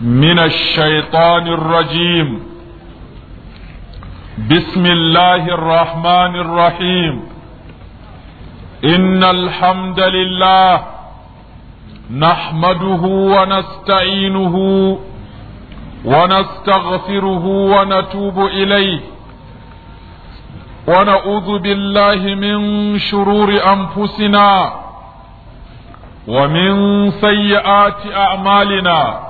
من الشيطان الرجيم بسم الله الرحمن الرحيم ان الحمد لله نحمده ونستعينه ونستغفره ونتوب اليه ونعوذ بالله من شرور انفسنا ومن سيئات اعمالنا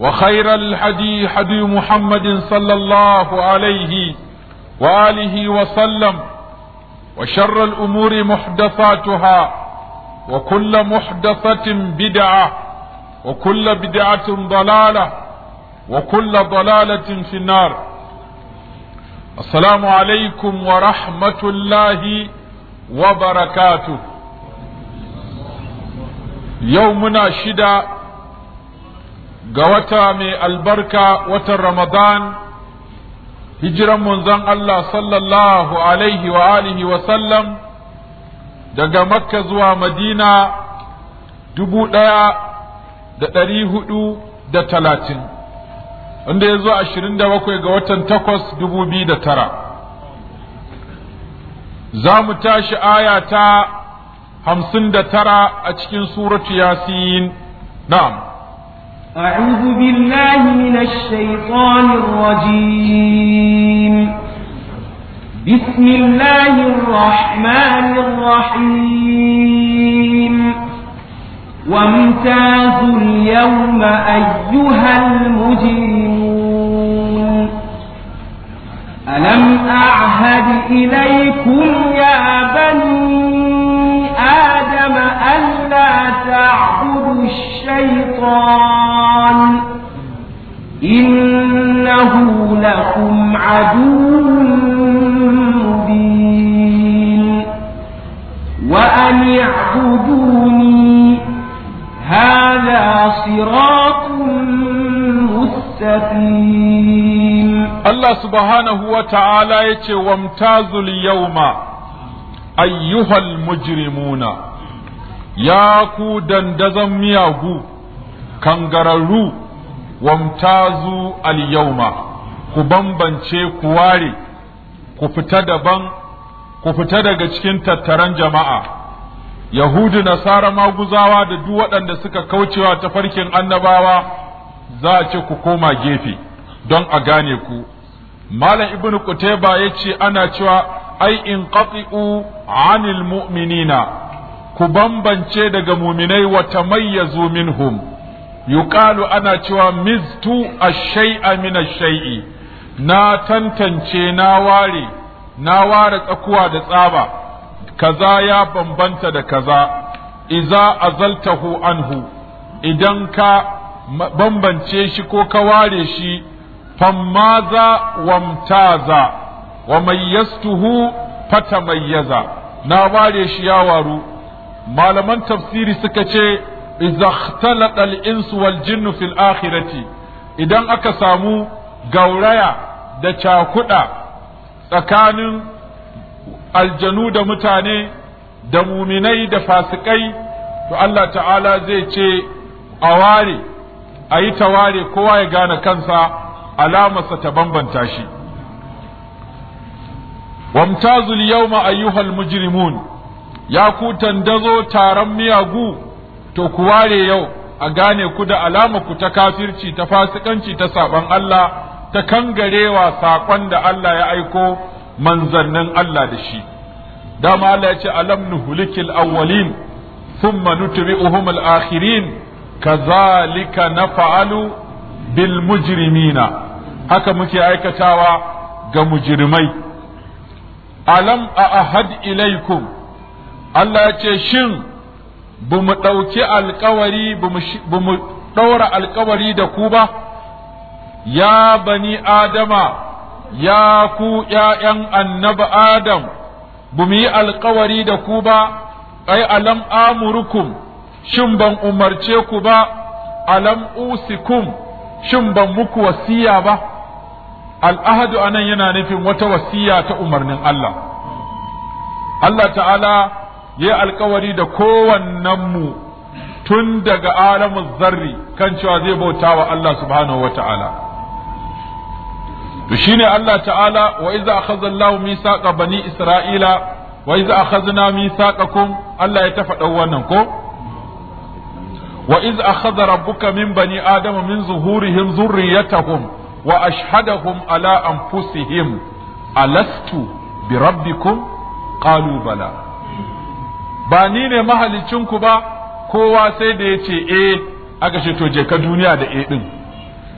وخير الحدي حدي محمد صلى الله عليه وآله وسلم وشر الأمور محدثاتها وكل محدثة بدعة وكل بدعة ضلالة وكل ضلالة في النار السلام عليكم ورحمة الله وبركاته يومنا شدة ga wata mai albarka watan Ramadan hijiran manzon Allah sallallahu alaihi wa alihi wa sallam daga Makka zuwa Madina dubu ɗaya da ɗari hudu da talatin wanda ya zo ashirin da bakwai ga watan takwas dubu biyu da tara za mu tashi aya ta hamsin da tara a cikin suratu yasin na'am أعوذ بالله من الشيطان الرجيم بسم الله الرحمن الرحيم وامتاز اليوم أيها المجرمون ألم أعهد إليكم يا بني تعبد الشيطان إنه لكم عدو مبين وأن اعبدوني هذا صراط مستقيم الله سبحانه وتعالى يتي وامتازوا اليوم أيها المجرمون ya ku dandazon miyagu kangararru wamtazu al-yawma ku bambance ku ware ku fita daban ku fita daga cikin tattaran jama'a yahudu nasara maguzawa da duk waɗanda suka kaucewa ta farkin annabawa za a ce ku koma gefe don a gane ku malam ibnu kutaiba ya ce ana cewa ai in qati'u anil mu'minina ku bambance daga muminai wa tamayyazu minhum yuqalu ana cewa miztu ash-shay'a min ash na tantance na ware na ware tsakuwa da tsaba kaza ya bambanta da kaza iza azaltahu anhu idan ka bambance shi ko ka ware shi fammaza wamtaza wa mayyastuhu fatamayyaza na ware shi ya waru malaman tafsiri suka ce idza ikhtalaqa al-insu wal jinnu fil akhirati idan aka samu gauraya da cakuda tsakanin aljanu da mutane da muminai da fasikai to Allah ta'ala zai ce a ware a yi ta ware kowa ya gane kansa alamarsa ta bambanta shi wamtazul yawma ayyuhal mujrimun ya ku tandazo taron miyagu to ku ware yau a gane ku da alama ku ta kafirci ta fasikanci ta saban Allah ta kangarewa saƙon da Allah ya aiko manzannin Allah da shi dama Allah ya ce alam nuhlikil awwalin thumma nutbi'uhum al-akhirin kazalika naf'alu bil mujrimina haka muke aikatawa ga mujrimai alam a ahad ilaikum Allah ya ce shin ba mu ɗauki alkawari ba mu ɗaura alkawari da ku ba ya bani adama ya ku ’ya'yan annabi adam ba mu yi alkawari da ku ba ai alam amurukum shin ban umarce ku ba alam usikum shin ban muku wasiya ba al'ahadu anan yana nufin wata wasiya ta umarnin Allah Allah ta'ala ya alkawari da kowannenmu tun daga alamun zarri kan cewa zai bauta wa Allah subhanahu wa ta'ala. To shi ne Allah ta'ala wa iza akhadha Allahu misaqa bani Isra'ila wa iza akhadna kun? Allah ya tafaɗa wannan ko? Wa iza akhadha rabbuka min bani Adama min zuhurihim zurriyatahum wa ashhadahum ala anfusihim alastu bi rabbikum qalu bala ba ni ne ku ba kowa sai da yace ce eh aka ce to je ka duniya da eh din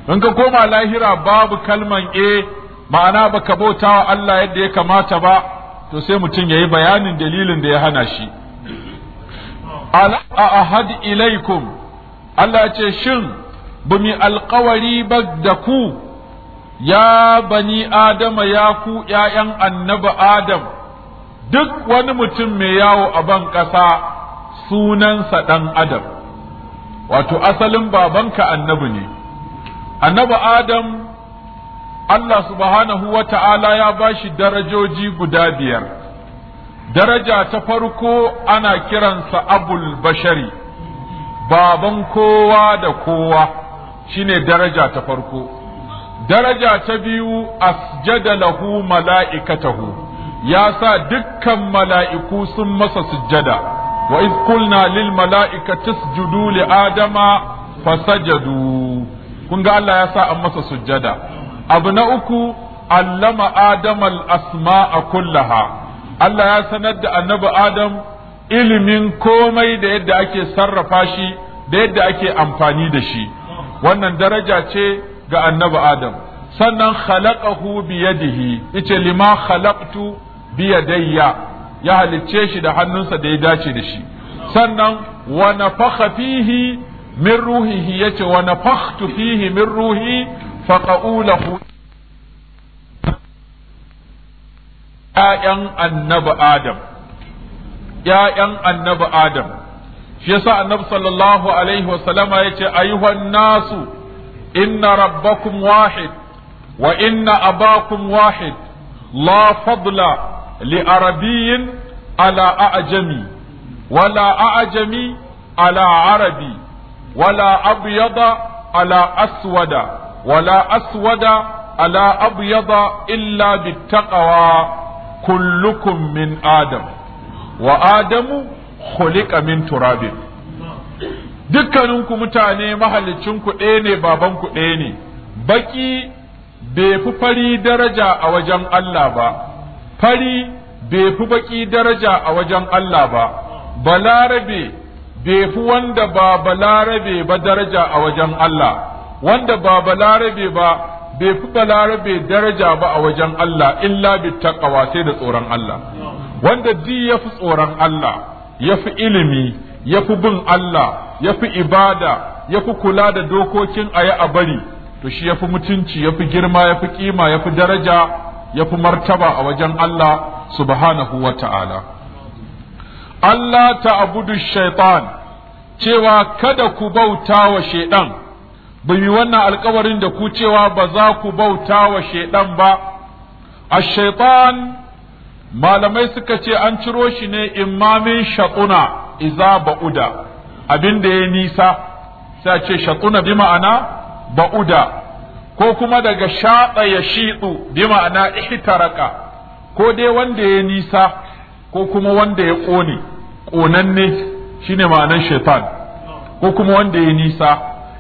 in ka koma lahira babu kalman e, ma'ana baka bauta wa Allah yadda ya kamata ba to sai mutum ya yi bayanin dalilin da ya hana shi ala ahad ilaikum Allah ya ce shin bumi alkawari ba da ku ya bani adama ya ku ’ya'yan annabi adam duk wani mutum mai yawo a ban ƙasa sunansa ɗan adam wato asalin babanka annabi ne annabi adam Allah subhanahu wa ta'ala ya ba shi darajoji guda biyar daraja ta farko ana kiransa abul bashari baban kowa da kowa shine daraja ta farko daraja ta biyu asjada lahu mala'ikatahu ya sa dukkan mala'iku sun masa sujjada wa iz qulna lil mala'ikati li adama fasajadu kun ga Allah ya sa an masa sujjada abu na uku allama adama asma a kullaha Allah ya sanar da annabi adam ilimin komai da yadda ake sarrafa shi da yadda ake amfani da shi wannan daraja ce ga annabi adam sannan khalaqahu bi yadihi ice lima khalaqtu Biya dayya ya halicce shi da hannunsa da ya dace da shi sannan wa nafakha fihi min ruhihi yace wa nafakhtu fihi min ruhi faqa'u lahu ‘ya'yan annabi Adam, ‘ya'yan annabi Adam, shi yasa annabi sallallahu Alaihi wasallama ya ce, Ayuhan nasu, inna rabbakum wahid, wa inna abakum wahid, la fadla Liarabiyin arabiyyin ala a'jami wala a'jami ala arabi wala abyada ala aswada wala aswada ala abyada illa bittaqwa kullukumin adam wa adamu khuliqa min turabin dukkaninku mutane mahalicinku ɗaya ne babanku ɗaya ne baki bai fi fari daraja a wajen Allah ba fari bai fi baƙi daraja a wajen Allah ba balarabe bai fi wanda ba balarabe ba daraja a wajen Allah wanda ba balarabe ba bai fi balarabe daraja ba a wajen Allah illa bi taqwa sai da tsoron Allah wanda ji ya fi tsoron Allah ya fi ilimi ya fi bin Allah ya fi ibada ya fi kula da dokokin a yi a bari to shi ya fi mutunci ya fi girma ya fi kima ya fi daraja ya fi martaba a wajen Allah subhanahu wa ta'ala. Allah ta Abudu shaitan cewa kada ku bauta wa shaiɗan, yi wannan alkawarin da ku cewa ba za ku bauta wa shaiɗan ba, a shaitan malamai suka ce an ciro shi ne imamin shaƙuna iza ba'uda abin da ya nisa sai ce shaƙuna bi ma'ana ba'uda ko kuma daga shaɗa ya shiɗu bi ma'ana ihtaraka ko dai wanda ya nisa ko kuma wanda ya ƙone ƙonanne shine ma'anan shaitan ko kuma wanda ya nisa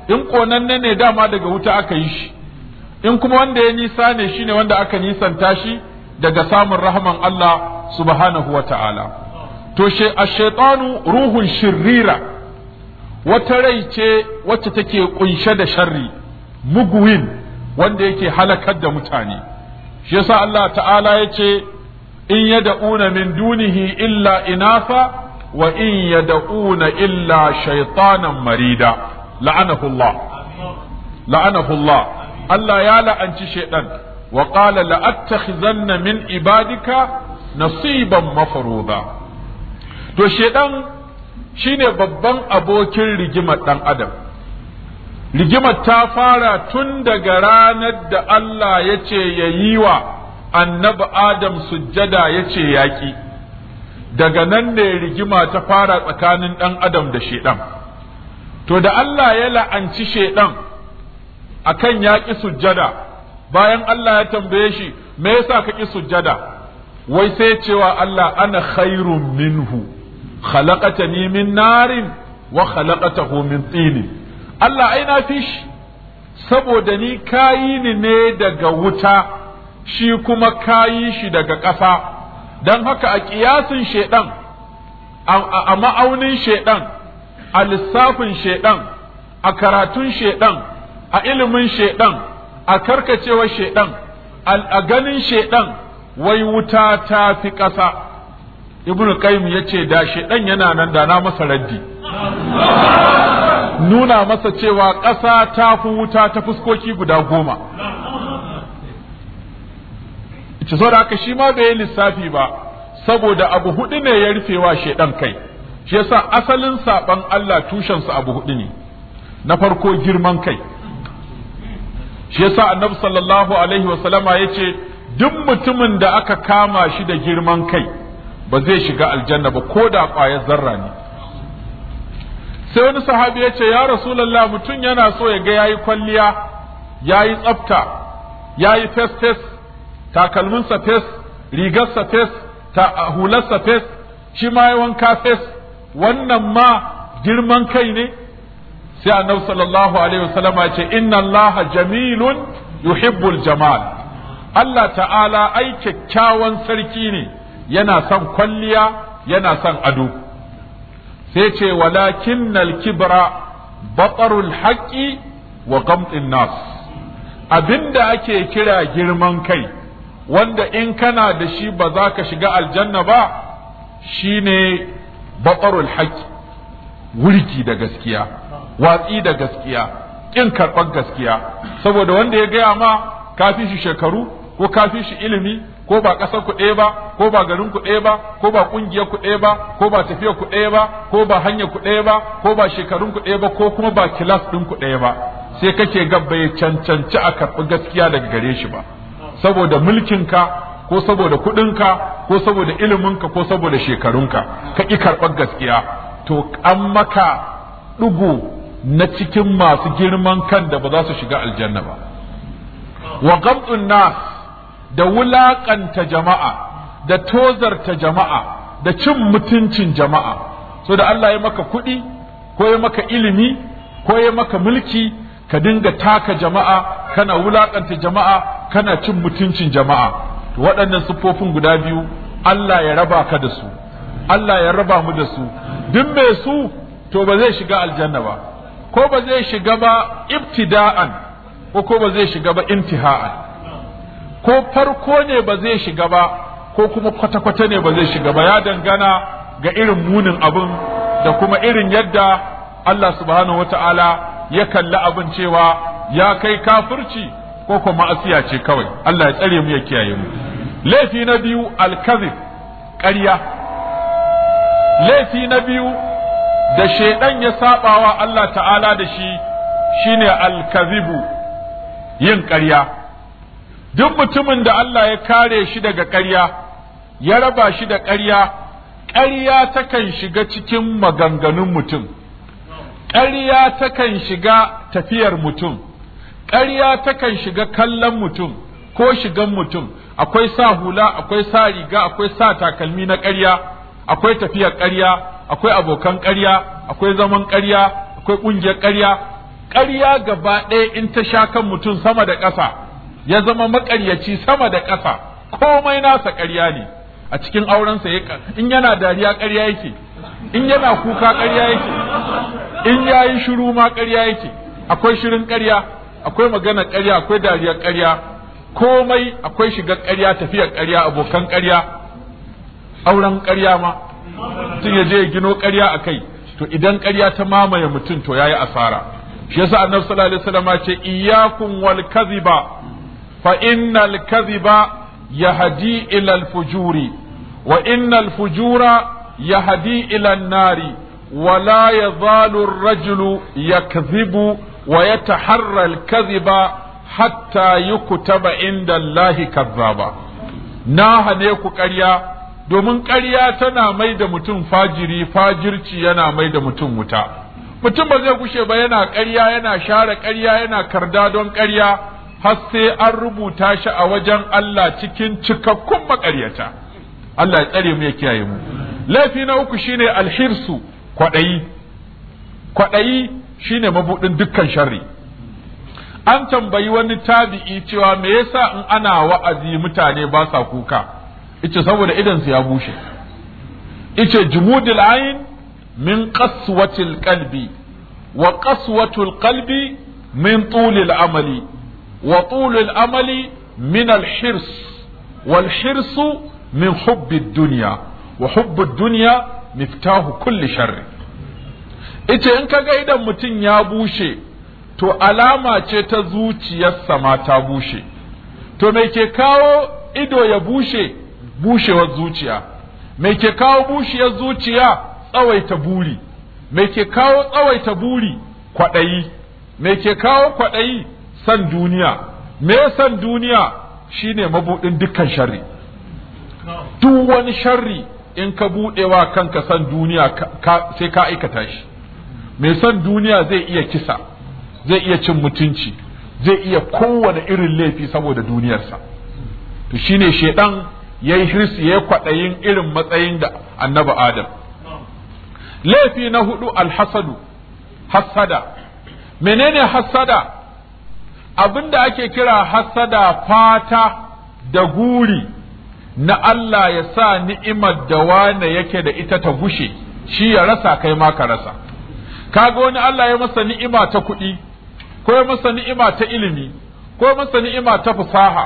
in ƙonanne ne dama daga wuta aka yi shi in kuma wanda ya nisa ne shine wanda aka nisanta shi daga samun rahman Allah subhanahu wa ta'ala to she ruhun shirira wata rai ce wacce take kunshe da sharri muguwin wanda yake halakar da mutane shi yasa Allah ta'ala ya ce in yad'una min dunihi illa inafa wa in yad'una illa shaitanan marida la'anahu Allah Allah Allah ya la'anci shaiɗan, wa qala la'attakhizanna min ibadika nasiban mafruda to shaiɗan shine babban abokin rigimar dan adam rigimar ta fara tun daga ranar da Allah ya ce ya yi wa annabi Adam sujjada ya ce yaƙi daga nan ne rigima ta fara tsakanin ɗan Adam da shaiɗan to da Allah ya la'anci shaiɗan akan yaƙi sujjada bayan Allah ya tambaye shi me yasa ka ƙi sujjada wai sai cewa Allah ana khairun minhu khalaqatani min narin wa khalaqatahu min tinin Allah ai na fi shi saboda ni kayi ni ne daga wuta shi kuma kayi shi daga ƙasa don haka a ƙiyasin shaiɗan a ma'aunin shaiɗan a lissafin shaiɗan a karatun shaiɗan a ilimin shaiɗan a karkacewar shaiɗan a ganin shaiɗan wai wuta ta fi ƙasa ibnu qayyim yace da shaiɗan yana nan da na masa raddi nuna masa cewa ƙasa ta fi wuta ta fuskoki guda goma ci so da haka shi ma bai yi lissafi ba saboda abu hudu ne ya rufe rufewa shaidan kai shi yasa asalin saban Allah tushensa abu hudu ne na farko girman kai shi yasa annabi sallallahu alaihi wasallama ya ce duk mutumin da aka kama shi da girman kai ba zai shiga aljanna ba ko da ƙwayar zarra ne sai wani sahabi ya ce ya rasulallah mutum yana so ya ga yayi kwalliya yayi tsafta yayi fes fes takalminsa fes rigarsa fes ta hularsa fes shi ma ya wanka fes wannan ma girman kai ne sai annabi sallallahu alaihi wasallama ya ce inna allaha jamilun yuhibbul jamal Allah ta'ala ai kyakkyawan sarki ne yana son kwalliya yana son ado sai ce walakin Nalkibra, baɓarul haƙƙi wa gamtin nas abinda ake kira girman kai wanda in kana da shi ba za ka shiga aljanna ba shine batarul haƙƙi. wurki da gaskiya watsi da gaskiya ƙin karɓar gaskiya saboda wanda ya gaya ma kafi shi shekaru ko kafi shi ilimi ko ba ƙasar ku ɗaya ba ko ba garin ku ɗaya ba ko ba ƙungiyar ku ɗaya ba ko ba tafiyar ku ɗaya ba ko ba hanyar ku ɗaya ba ko ba shekarun ku ɗaya ba ko kuma ba kilas ɗin ku ɗaya ba sai kake gabba bai cancanci a karɓi gaskiya daga gare shi ba saboda mulkinka ko saboda kuɗinka ko saboda iliminka ko saboda shekarunka ka ƙi karɓar gaskiya to an maka ɗugu na cikin masu girman kan da ba za su shiga aljanna ba wa gamtsun nas da wulaƙanta jama'a da tozarta jama'a da cin mutuncin jama'a so da Allah ya maka kuɗi ko ya maka ilimi ko ya maka mulki ka dinga taka jama'a kana wulaƙanta jama'a kana cin mutuncin jama'a to waɗannan siffofin guda biyu Allah ya raba ka da su Allah ya raba mu da su duk mai su to ba zai shiga aljanna ba ko ba zai shiga ba ibtida'an ko ko ba zai shiga ba intiha'an ko farko ne ba zai shiga ba ko kuma kwata-kwata ne ba zai shiga ba ya dangana ga irin munin abin da kuma irin yadda Allah subhanahu wata'ala ya kalli abin cewa ya kai kafirci ko kuma asiya ce kawai Allah ya tsare mu ya kiyaye mu laifi na biyu alkazib ƙarya laifi na biyu da shaidan ya sabawa Allah ta'ala da shi shine alkazibu yin ƙarya duk mutumin da Allah ya kare shi daga ƙarya ya raba shi da ƙarya ƙarya takan shiga cikin maganganun mutum ƙarya takan shiga tafiyar mutum ƙarya takan shiga kallon mutum ko shigan mutum akwai sa hula akwai sa riga akwai sa takalmi na ƙarya akwai tafiyar ƙarya akwai abokan ƙarya akwai zaman ƙarya akwai ƙungiyar ƙarya ƙarya gaba ɗaya in ta sha kan mutum sama da ƙasa ya zama makaryaci sama da ƙasa komai nasa ƙarya ne a cikin aurensa in yana dariya ƙarya yake in yana kuka ƙarya yake in ya yi shiru ma ƙarya yake akwai shirin ƙarya akwai magana ƙarya akwai dariya ƙarya komai akwai shiga ƙarya tafiyar ƙarya abokan ƙarya auren ƙarya ma mutum ya je ya gino ƙarya a kai to idan ƙarya ta mamaye mutum to yayi asara shi yasa annabi sallallahu alaihi wasallam ce iyyakum wal kadhiba fa kaziba kadhiba yahdi ila fujuri wa innal fujura yahdi ila an nari wa la yazalu ar-rajulu yakdhibu wa yataharra al kadhiba hatta yukutaba inda Allah kazzaba na hane ku ƙarya domin ƙarya tana mai da mutum fajiri fajirci yana mai da mutum wuta mutum ba zai gushe ba yana ƙarya yana share ƙarya yana karda don ƙarya har sai an rubuta shi a wajen Allah cikin cikakkun maƙaryata Allah ya tsare mu ya kiyaye mu laifi na uku shine alhirsu kwaɗayi kwaɗayi shine mabuɗin dukkan sharri an tambayi wani tabi'i cewa me yasa in ana wa'azi mutane ba sa kuka ice saboda su ya bushe ice jumudul ayn min qaswatil qalbi wa qaswatul qalbi min tulil amali wa tulul amali min al-hirs wal min hubbi dunya wa hubbu dunya miftahu kulli sharri ita in ka ga idan mutum ya bushe to alama ce ta zuciyarsa ma ta bushe to me ke kawo ido ya bushe bushewar zuciya me ke kawo bushewar zuciya tsawaita buri me ke kawo tsawaita buri kwaɗayi me ke kawo kwaɗayi san duniya me san duniya shine mabudin dukkan sharri duk wani sharri in ka buɗewa kanka san duniya sai ka aikata shi mai san duniya zai iya kisa zai iya cin mutunci zai iya kowane irin laifi saboda duniyarsa to shine shedan ya yi hirsi ya kwaɗayin irin matsayin da annabi adam laifi na hudu alhasadu hassada menene hassada abin da ake kira hasada fata da guri na Allah ya sa ni'imar da wane yake da ita ta gushe shi ya rasa kai ma ka rasa kaga wani Allah ya masa ni'ima ta kuɗi ko ya masa ni'ima ta ilimi ko masa ni'ima ta fasaha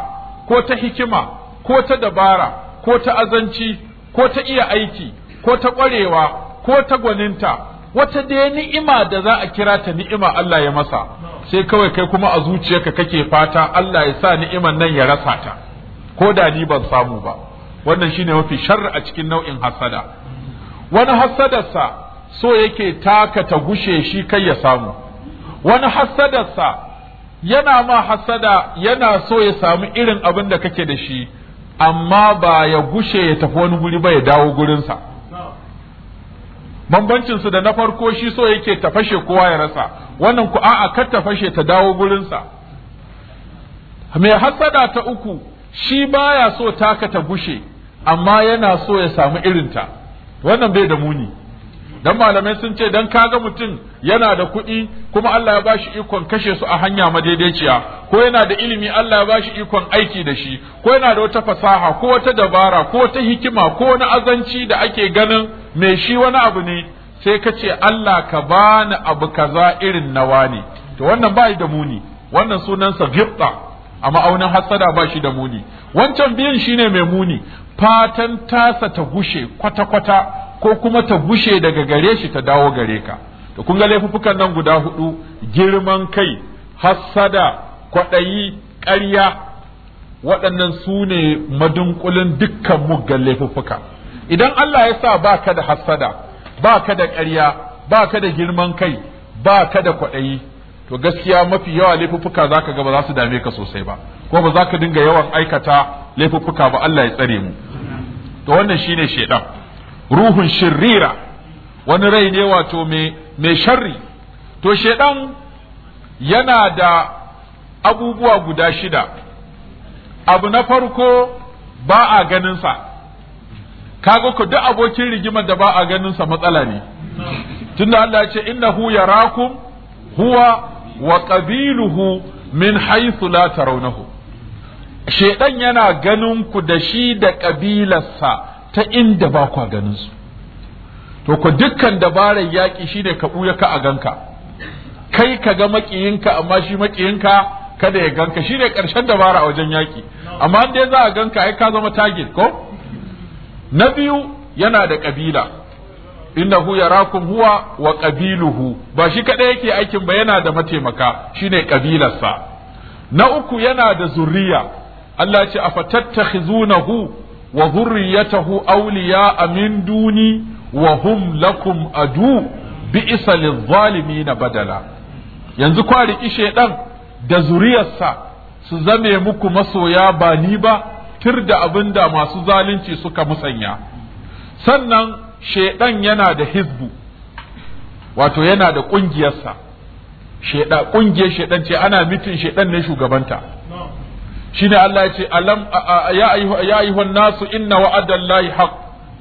ko ta hikima ko ta dabara ko ta azanci ko ta iya aiki ko ta ƙwarewa ko ta gwaninta wata da ni'ima da za a kira ta ni'ima Allah ya masa sai kawai kai kuma a zuciyarka kake fata Allah ya sa ni'iman nan ya rasa ta ko da ni ban samu ba wannan shine mafi shar a cikin nau'in hasada wani hasadarsa so yake taka ta gushe shi kai ya samu wani hasadarsa yana ma hasada yana so ya samu irin abin da kake da shi amma ba ya gushe ya tafi wani guri ba ya dawo gurinsa bambancin su da na farko shi so yake ta fashe kowa ya rasa wannan ku a'a kar ta fashe ta dawo gurinsa mai hasada ta uku shi baya so taka ta gushe amma yana so ya samu irinta wannan bai da muni dan malamai sun ce dan kaga mutum yana da kuɗi kuma Allah ya bashi ikon kashe su a hanya madaidaiciya ko yana da ilimi Allah ya bashi ikon aiki da shi ko yana da wata fasaha ko wata dabara ko wata hikima ko wani azanci da ake ganin me shi wani abu ne sai ka ce Allah ka bani abu kaza irin nawa ne to wannan bai da muni wannan sunansa gibta a ma'aunin hassada ba shi da muni wancan biyan shine mai muni fatan tasa ta gushe kwata-kwata ko kuma ta bushe daga gare shi ta dawo gare ka to kun ga laifuffukan nan guda hudu girman kai hassada kwaɗayi ƙarya waɗannan su ne madunkulin dukkan muggan laifuffuka idan Allah ya sa ba ka da hassada ba ka da ƙarya ba ka da girman kai ba ka da kwaɗayi to gaskiya mafi yawa laifuffuka za ka ga ba za su dame ka sosai ba Ko ba za ka dinga yawan aikata laifuffuka ba Allah ya tsare mu to wannan shine shaidan ruhun shirira wani rai ne wato mai sharri to shaidan yana da abubuwa guda shida abu na farko ba a ganinsa kaga ku duk abokin rigimar da ba a ganinsa matsala ne tunda Allah ce innahu yarakum huwa wa qabiluhu min haythu la tarawnahu shedan yana ganin ku da shi da kabilarsa ta inda ba kwa ganin su to ku dukkan dabarar yaƙi shine ka ɓuya ka a ganka kai ka ga maƙiyinka amma shi maƙiyinka kada ya ganka shine ƙarshen dabara a wajen yaƙi amma dai za a ganka ai ka zama target ko na biyu yana da ƙabila innahu yarakum huwa wa qabiluhu ba shi kada yake aikin ba yana da mataimaka shine ƙabilarsa na uku yana da zuriya Allah ce a afatattakhizunahu wa zurriyatahu awliya min duni wa hum lakum adu bi'sa lizzalimina badala yanzu kwa riki shedan da zuriyarsa su zame muku masoya ba ni ba tir da abin da masu zalunci suka musanya sannan shedan yana da hizbu wato yana da ƙungiyarsa ƙungiyar shedan ce ana mitin shedan ne shugabanta shine Allah ya ce alam ya ayyuhu ya ayyuhan nasu inna wa'adallahi haqq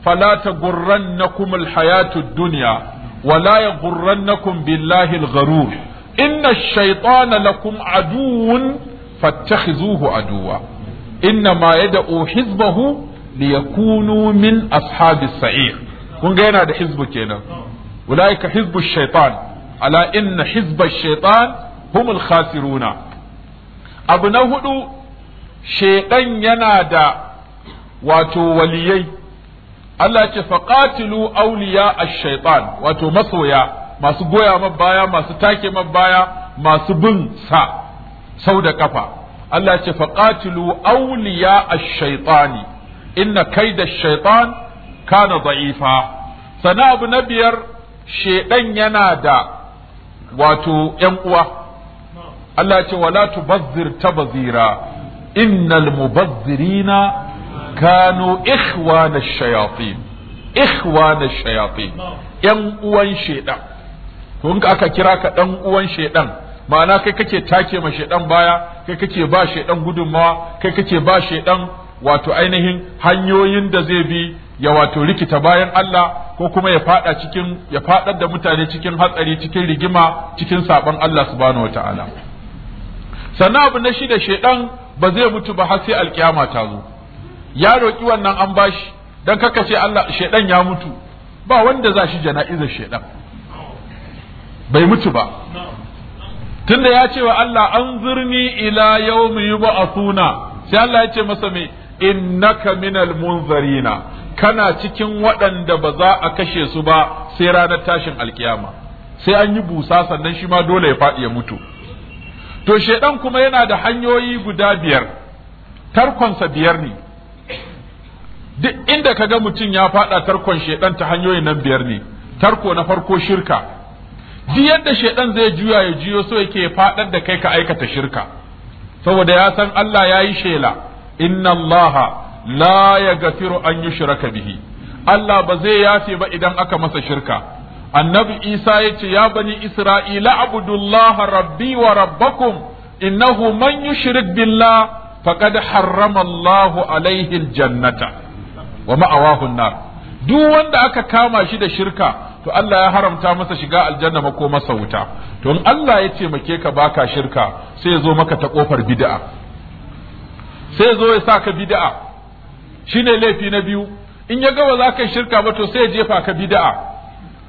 fala tagurrannakum alhayatud dunya wa la yagurrannakum billahi algharur inna ash-shaytana lakum aduwwun fattakhizuhu aduwa inna ma yad'u hizbahu liyakunu min ashabis sa'ir kun ga yana da hizbu kenan ulaika hizbu ash-shaytan ala inna hizba ash-shaytan hum al-khasiruna abu na hudu shaiɗan yana da wato waliyai Allah ce faqatilu awliya ash-shaytan wato masoya masu goya man baya masu take man baya masu bin sa sau da ƙafa. Allah ce faqatilu awliya ash-shaytani inna kaida ash-shaytan kana za'ifa sana abu na biyar shedan yana da wato yan uwa Allah ce wala tubazzir tabzira innal mubazzirina kanu ikhwana shayatin ikhwana shayatin yan uwan shedan to in aka kira ka dan uwan shaiɗan. ma'ana kai kake take ma shedan baya kai kake ba shedan gudummawa. kai kake ba shedan wato ainihin hanyoyin da zai bi ya wato rikita bayan Allah ko kuma ya faɗa cikin ya fadar da mutane cikin hatsari cikin rigima cikin saban Allah subhanahu wataala sannan abu na shida shedan ba zai mutu ba har sai alkiyama ta zo ya roki wannan an bashi dan kaka ce Allah shedan ya mutu ba wanda za shi jana'izar shedan bai mutu ba tunda ya ce wa Allah an ila yawmi yub'athuna sai Allah ya ce masa me innaka minal munzarina kana cikin waɗanda ba za a kashe su ba sai ranar tashin alkiyama sai an yi busa sannan shi ma dole ya faɗi ya mutu to shedan kuma yana da hanyoyi guda biyar tarkonsa biyar ne duk inda kaga mutum ya fada tarkon shedan ta hanyoyi nan biyar ne tarko na farko shirka duk yadda shedan zai juya ya juyo so yake fadar da kai ka aikata shirka saboda ya san Allah ya yi shela inna Allah la yaghfiru an yushraka bihi Allah ba zai yafe ba idan aka masa shirka annabi isa ya ce ya bani isra'ila abudullah rabbi wa rabbakum innahu man yushrik billah faqad harrama Allah alaihi aljannata wa ma'awahu nar duk wanda aka kama shi da shirka to Allah ya haramta masa shiga aljanna ko masa wuta to in Allah ya taimake ka baka shirka sai ya zo maka ta kofar bid'a sai ya zo ya saka bid'a shine laifi na biyu in ya ga ba za ka shirka ba to sai ya jefa ka bid'a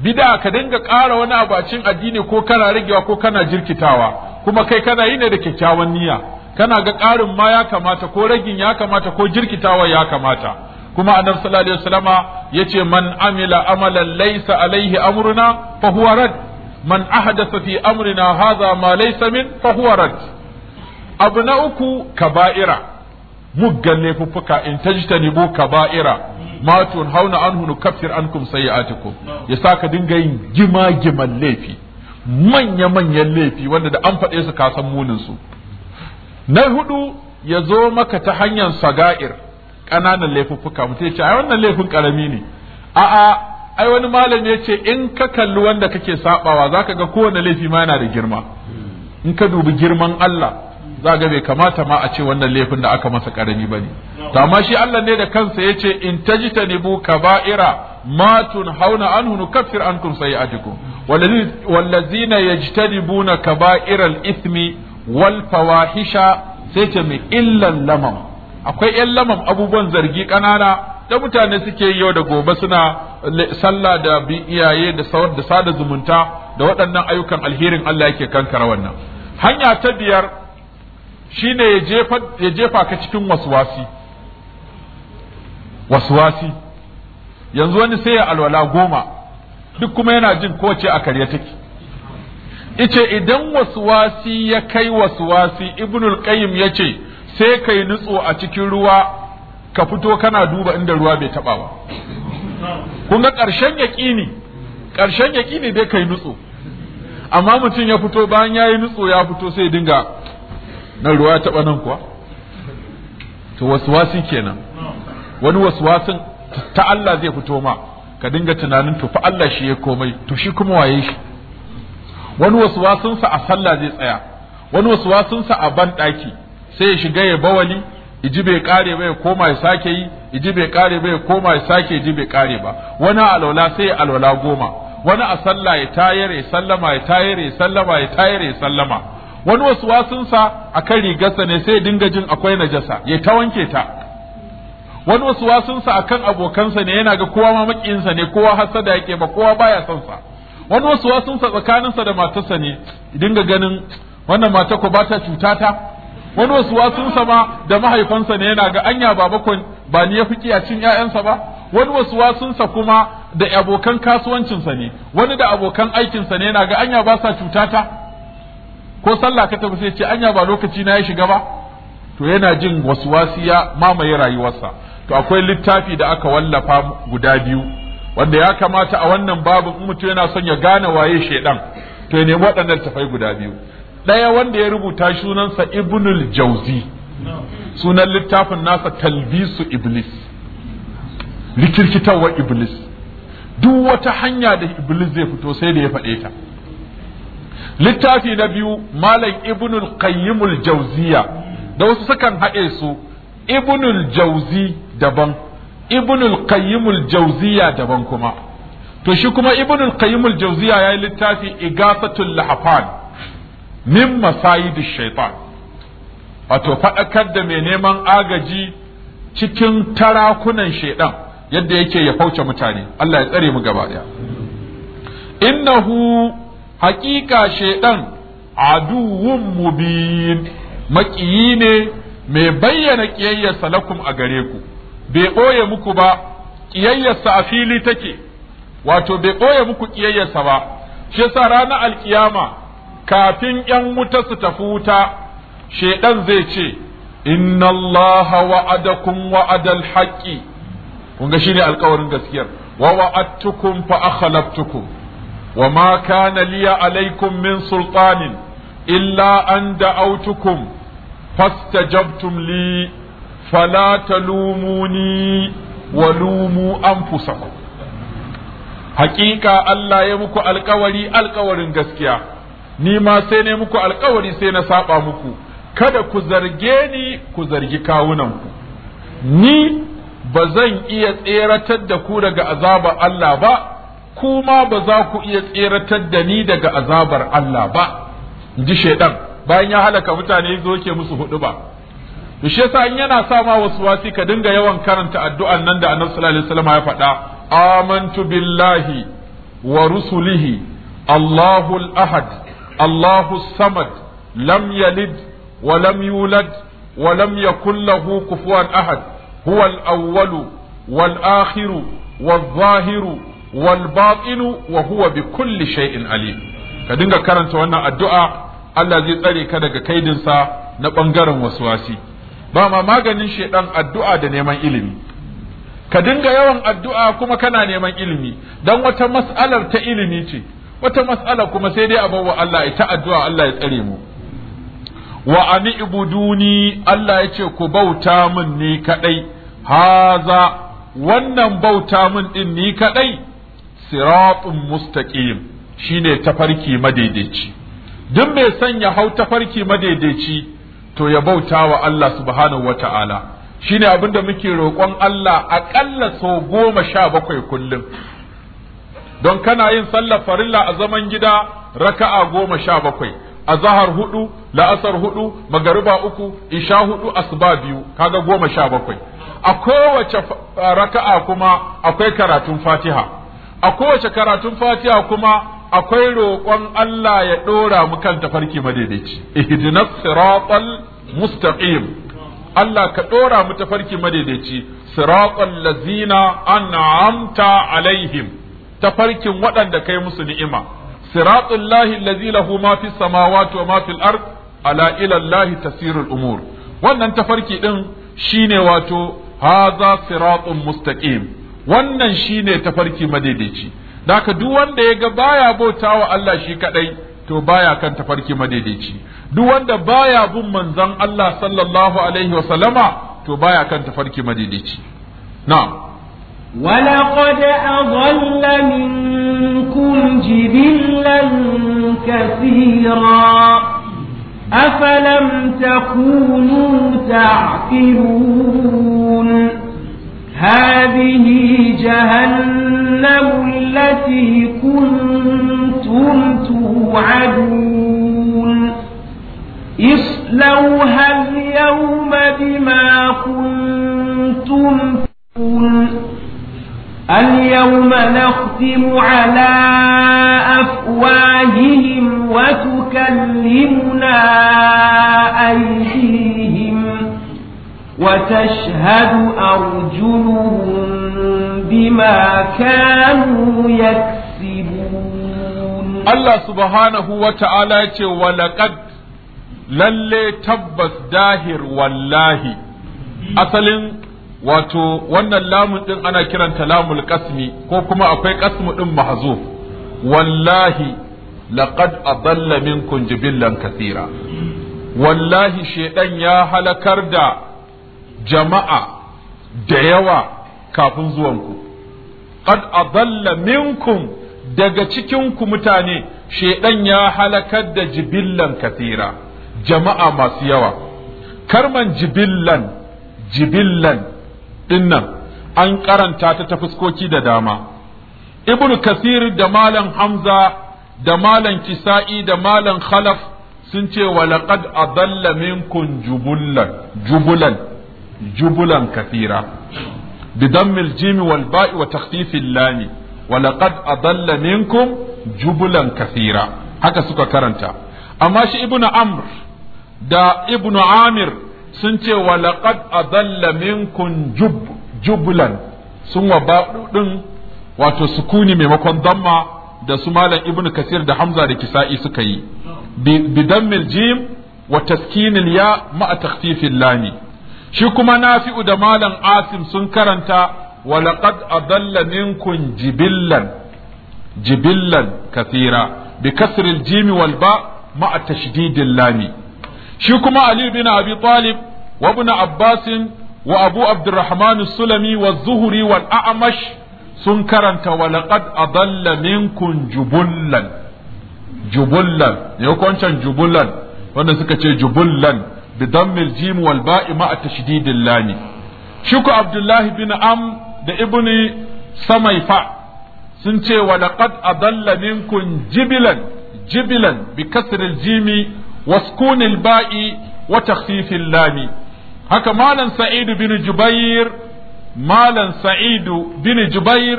bid'a ka dinga ƙara wani abu a addini ko kana ragewa ko kana jirkitawa kuma kai kana yi ne da kyakkyawan niyya kana ga ƙarin ma ya kamata ko ragin ya kamata ko jirkitawa ya kamata kuma annab sallallahu alaihi wasallama yace man amila amalan laysa alaihi amruna fa huwa rad man ahdatha fi amrina hadha ma laysa min fa huwa rad abu na uku kaba'ira muggan laifuffuka in tajtanibu kaba'ira kafir an kum sai a sayi'atikum ya sa ka dinga yin gima giman laifi manya manyan laifi wanda da an faɗe su kasan san munin su na hudu ya zo maka ta hanyar saga'ir ƙananan laifuffuka mutum ya ce ai wannan laifin ƙarami ne a'a ai wani malami ya ce in ka kalli wanda kake sabawa zaka ga kowane laifi ma yana da girma in ka dubi girman Allah za ga bai kamata ma a ce wannan laifin da aka masa karami ne. to amma shi Allah ne da kansa ya ce in ta tajtanibu kaba'ira an tunhauna anhu nukaffir ankum sayi'atikum wallazina na ka ba'ira ithmi wal fawahisha sai ce mai illan lamam akwai yan lamam abubuwan zargi ƙanana. da mutane suke yi yau da gobe suna sallah da bi iyaye da sawar da sada zumunta da waɗannan ayyukan alherin Allah yake kankara wannan hanya ta biyar Shi ne ya jefa ka cikin wasuwasi wasuwasi yanzu wani sai ya alwala goma duk kuma yana jin kowace a karya take ice idan waswasi ya kai wasuwasi ibnul qayyim ce, sai kai nutso a cikin ruwa ka fito kana duba inda ruwa bai taba ba kun ga ƙarshen yaƙini ƙarshen yaƙini dai kai nutso amma mutum ya fito bayan ya yi nutso ya fito sai dinga nan ruwa ya taɓa nan kuwa to waswasi kenan wani waswasin ta Allah zai fito ma ka dinga tunanin to fa Allah shi ya komai to shi kuma waye shi wani waswasin sa a sallah zai tsaya wani waswasin sa a ban daki sai ya shiga ya bawali iji bai kare ba ya koma ya sake yi iji bai kare ba ya koma ya sake iji bai kare ba wani alwala sai ya alwala goma wani a sallah ya tayar ya sallama ya tayar ya sallama ya tayar ya sallama wani wasu wasunsa a kan rigarsa ne sai dinga jin akwai najasa ya ta wanke ta wani wasu wasunsa a kan abokansa ne yana ga kowa ma ne kowa hasada yake ba kowa baya son sa wani wasu wasunsa tsakaninsa da matarsa ne dinga ganin wannan mata ko ba ta cuta ta wani wasu wasunsa ma da mahaifansa ne yana ga anya baba ko ba ni ya fi cin ƴaƴansa ba wani wasu wasunsa kuma da abokan kasuwancinsa ne wani da abokan aikinsa ne yana ga anya ba sa cuta ta ko sallah ka tafi sai ce anya ba lokaci na ya shiga ba to yana jin wasi ya mamaye rayuwarsa to akwai littafi da aka wallafa guda biyu wanda ya kamata a wannan babu in mutum yana son ya gane waye shaidan to ya nemi waɗannan tafai guda biyu ɗaya wanda ya rubuta sunansa ibnul jauzi sunan littafin nasa talbisu iblis likirkitawar iblis duk wata hanya da iblis zai fito sai da ya faɗe ta littafi na biyu malam ibnul qayyimul jauziya da wasu sukan haɗe su ibnul jauzi daban ibnul qayyimul jauziya daban kuma to shi kuma ibnul qayyimul jauziya yayi littafi igafatul lahafan min masayidish shaytan wato faɗakar da mai neman agaji cikin tarakunan shaidan yadda yake ya fauce mutane Allah ya tsare mu gaba ɗaya innahu haƙiƙa shaiɗan aduwwun mubin makiyi ne mai bayyana ƙiyayyarsa lakum a gare ku bai ɓoye muku ba ƙiyayyarsa a fili take wato bai ɓoye muku ƙiyayyarsa ba shi sa ranar alkiyama kafin ‘yan wuta su tafi wuta shaiɗan zai ce inna allaha wa'adakum wa'adal haƙƙi kun ga shine alƙawarin gaskiyar wa wa'adtukum fa akhlaftukum وما كان لي عليكم من سلطان إلا أن دعوتكم فاستجبتم لي فلا تلوموني ولوموا أنفسكم حقيقة الله يمكو القولي القوري قسكيا نيما سين مكو القولي سين ساقا مكو kada كزرجيني zarge كاونمكو ني بزن kawunanku إيرتد ba zan iya با kuma ba za ku iya tseratar da ni daga azabar Allah ba in ji shaidan bayan ya halaka mutane zo ke musu hudu ba to shi yasa in yana sa ma wasu wasi ka dinga yawan karanta addu'an nan da Annabi sallallahu alaihi wasallam ya faɗa amantu billahi wa rusulihi Allahu al-ahad Allahu samad lam yalid wa lam yulad wa lam yakul lahu kufuwan ahad huwa al-awwalu wal akhiru wal zahiru wal batilu wa huwa bi kulli shay'in alim ka dinga karanta wannan addu'a Allah zai tsare ka daga kaidinsa na bangaren waswasi ba ma maganin shedan addu'a da neman ilimi ka dinga yawan addu'a kuma kana neman ilimi dan wata mas'alar ta ilimi ce wata mas'ala kuma sai dai a Allah Allah ta addu'a Allah ya tsare mu wa ani ibuduni Allah ya ce ku bauta mun ni kadai haza wannan bauta mun din ni kadai siratun mustaqim shine tafarki madaidaici duk mai sanya hau tafarki madaidaici to ya bauta wa Allah subhanahu wata'ala shine abin da muke roƙon Allah aƙalla sau goma sha bakwai kullum don kana yin sallar farilla a zaman gida raka'a goma sha bakwai a zahar hudu la'asar hudu magariba uku isha hudu asuba biyu kaga goma sha bakwai a kowace raka'a kuma akwai karatun fatiha a kowace karatun fatiha kuma akwai roƙon Allah ya ɗora mu kan tafarki madaidaici ihdinas siratal mustaqim Allah ka ɗora mu tafarki madaidaici siratal lazina an'amta alaihim tafarkin waɗanda kai musu ni'ima siratul lahi allazi lahu ma fi samawati wa ma fil ard ala ila allahi tasirul umur wannan tafarki din shine wato hadha siratun mustaqim wannan shi shine tafarki madaidaici daka duk wanda ya ga baya bauta wa Allah shi kadai to baya kan tafarki madaidaici duk wanda baya bin manzon Allah sallallahu alaihi wa sallama to baya kan tafarki madaidaici na'am ولقد أضل منكم جبلا كثيرا أفلم تكونوا تعقلون هذه جهنم التي كنتم توعدون اصلوها اليوم بما كنتم تقول اليوم نختم على أفواههم وتكلمنا أيديهم وتشهد أرجلهم بما كانوا يكسبون الله سبحانه وتعالى ولقد lalle tabbas dahir wallahi asalin wato wannan lamun din ana kiranta lamul kasmi ko kuma akwai qasmu din mahzuf wallahi laqad adalla minkum jibillan kathira wallahi shedan ya halakar da jama'a da yawa kafin zuwanku qad adalla minkum daga cikinku mutane shaidan ya halakar da jibillan kathira jama'a masu yawa karman jibillan jibillan dinnan an karanta ta ta fuskoki da dama ibnu kasir da malam hamza da malam kisa'i da malam khalaf sun ce wa laqad adalla minkum jubullan jubulan جبلا كثيرا بضم الجيم والباء وتخفيف اللام ولقد أضل منكم جبلا كثيرا هكا سكا كرنتا أما شي ابن عمرو دا ابن عامر سنتي ولقد أضل منكم جب جبلا سنوا باء wato sukuni maimakon damma da su malam ibn kasir da hamza da kisa'i suka yi bidammil jim wa taskinil ya ma'a takhfifil lami shi kuma nafi'u da malam asim sun karanta walaƙad adalla minkum jibillan jibillan kathira bi kasril jimi wal ba ma tashdidil lami shi kuma ali bin abi talib wa ibn abbas wa abu abdurrahman sulami wa zuhri wal a'mash sun karanta walaqad adalla minkum jubullan jubullan ne ko jubullan wanda suka ce jubullan bi dammil jim wal ba'i ma tashdidil lam shi ku abdullahi bin am da ibni samayfa sun ce wa laqad adalla minkum jibilan jibilan bi kasril jimi waskunil ba'i wa takhfifil Lami? haka Malam Sa'idu bin jubair malan sa'id bin jubair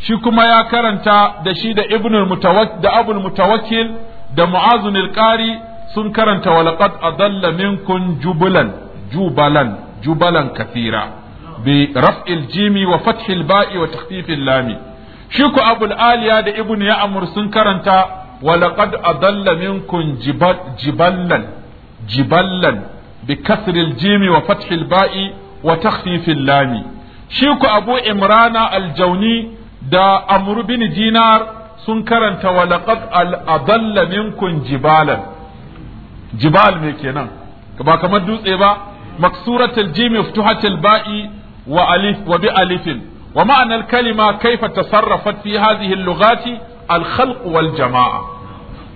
shi kuma ya karanta da shi da ibn mutawakkil da abul mutawakkil da mu'azun al sun karanta walaqad adalla minkum jubulan jubalan jubalan kathira bi raf'il jimi wa fathil ba'i wa takhfifil lami shi ku abul aliya da ibnu ya'mur sun karanta walaqad adalla minkum jiballan jiballan bi kasril jimi wa fathil ba'i wa takhfifil lami shi ku abu imrana aljauni da amr bin dinar sun karanta walaqad adalla minkum jibalan jibal ne kenan ba kamar dutse ba maksuratul jim miftuhatul ba'i wa alif wa bi alifin wa ma'anar kalima kaifa tasarrafat fi hadhihi al-lughati al-khalq wal jama'a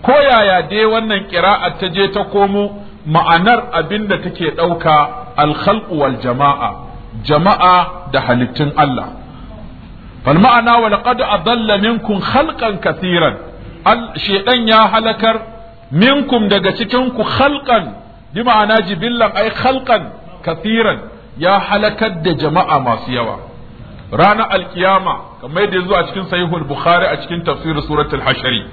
ko yaya dai wannan qira'at ta je ta komo ma'anar abinda take dauka al-khalq wal jama'a jama'a da halittun Allah fal ma'ana wa laqad adalla minkum khalqan katiran shaytan ya halakar minkum daga cikinku khalqan bi ma'ana jibillan ai khalqan kathiran ya halakar da jama'a masu yawa ranar alkiyama kamar yadda zuwa cikin sahihul bukhari a cikin tafsirin suratul hashari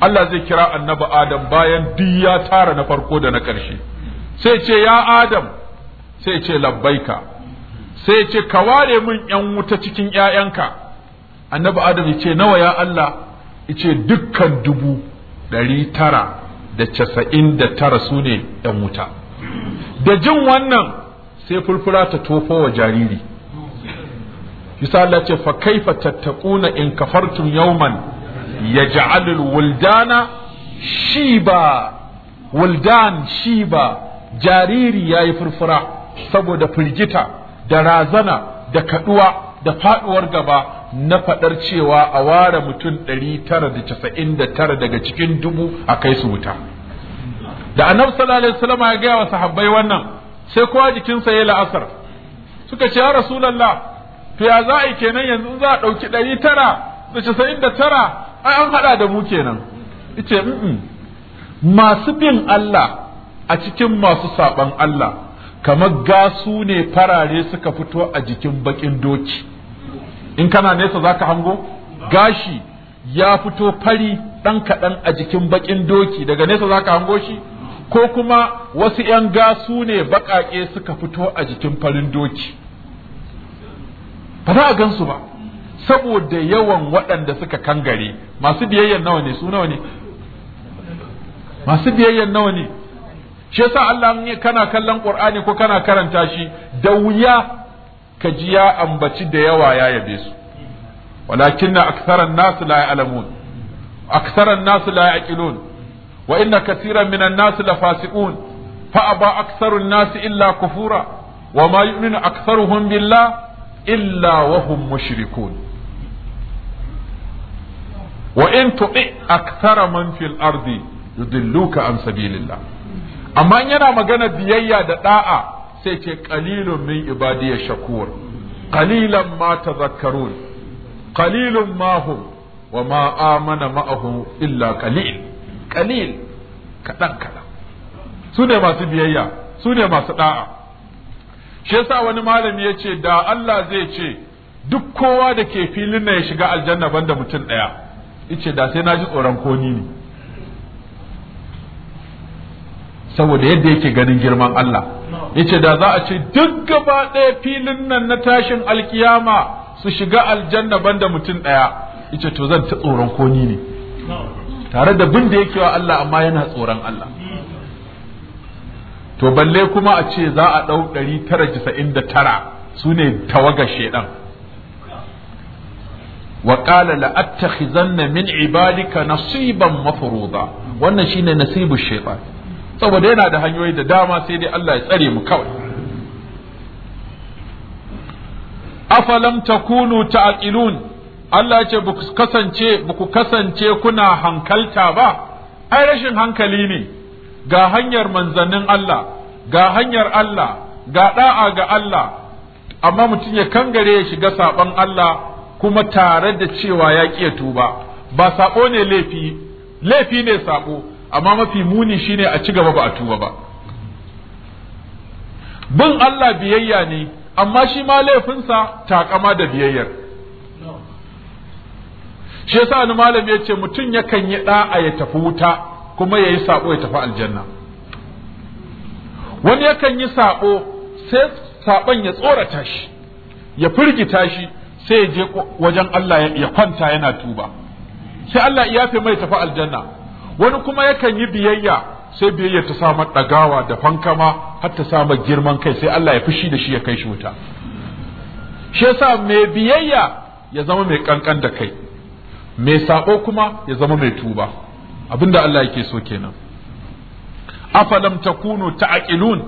Allah zai kira annabi adam bayan duk tara na farko da na ƙarshe sai ce ya adam sai ce labbaika sai ce ka ware min yan wuta cikin ƴaƴanka annabi adam ya ce nawa ya Allah ya ce dukkan dubu ɗari tara da casa'in da tara su ne ‘yan wuta da jin wannan sai furfura ta tofa wa jariri yasa Allah ce fa kaifa tattakuna in kafartum yawman yaj'alul wuldana shiba wuldan shiba jariri yayi furfura saboda firgita da razana da kaduwa da faduwar gaba na faɗar cewa a ware mutum ɗari tara da casa'in da tara daga cikin dubu a kai su wuta da annabi sallallahu alaihi wasallam ya gaya wa sahabbai wannan sai kowa jikinsa ya la'asar suka ce ya rasulullah to ya za a kenan yanzu za a ɗauki ɗari tara da casa'in da tara ai an haɗa da mu kenan ice masu bin Allah a cikin masu saɓan Allah kamar gasu ne farare suka fito a jikin baƙin doki in kana nesa zaka hango gashi ya fito fari ɗan kaɗan a jikin baƙin doki daga nesa zaka hango shi ko kuma wasu ‘yan gasu ne baƙaƙe suka fito a jikin farin doki ba za a gansu ba saboda yawan waɗanda suka kangare masu biyayyan nawa ne su nawa ne masu biyayyan nawa ne shi yasa Allah ne kana kallon Qur'ani ko kana karanta shi da wuya ka ji ya ambaci da yawa ya yabe su walakin na aksaran nasu la ya'lamun aksaran nasu la ya'qilun wa inna katiran minan nasu la fasiqun fa aba aksarun nasu illa kufura wa ma yu'minu aksaruhum billah illa wa mushrikun wa in tu'i aksara man fil ardi yudilluka an sabilillah amma yana magana biyayya da da'a sai ce qalilun min ibadiya shakur qalilan ma tadhakkarun qalilun ma hum wa ma amana ma'ahu illa qalil qalil kadan kadan su ne masu biyayya su ne masu da'a shi yasa wani malami ya ce da Allah zai ce duk kowa da ke filin na ya shiga aljanna banda mutum ɗaya ice da sai na ji tsoron koni ne saboda yadda yake ganin girman Allah yace da za a ce duk gaba ɗaya filin nan na tashin alkiyama su shiga aljanna banda mutum ɗaya yace to zan ta tsoron koni ne tare da bin da yake wa Allah amma yana tsoron Allah to balle kuma a ce za a ɗau ɗari tara casa'in da tara su ne tawagar shaidan wa qala la attakhizanna min ibadika nasiban mafruda wannan shine nasibu shaitan saboda yana da hanyoyi da dama sai dai Allah ya tsare mu kawai afalam takunu ta'qilun Allah ce buku kasance buku kasance kuna hankalta ba ai rashin hankali ne ga hanyar manzanin Allah ga hanyar Allah ga da'a ga Allah amma mutum ya kangare ya shiga saban Allah kuma tare da cewa ya ƙi tuba ba saɓo ne laifi laifi ne saɓo. amma mafi muni shine a ci gaba ba a tuba ba bin Allah biyayya ne amma shi ma laifinsa takama da biyayyar shi yasa ni malam ya ce mutum yakan yi da'a ya tafi wuta kuma ya yi sabo ya tafi aljanna wani yakan yi sabo sai saban ya tsorata shi ya firgita shi sai ya je wajen Allah ya kwanta yana tuba sai Allah ya yafe mai tafi aljanna wani kuma yakan yi biyayya sai biyayya ta sama ɗagawa da fankama har ta sama girman kai sai Allah ya fushi da shi ya kai shi wuta shi yasa mai biyayya ya zama mai kankan da kai mai sabo kuma ya zama mai tuba abinda Allah yake so kenan afalam takunu ta'qilun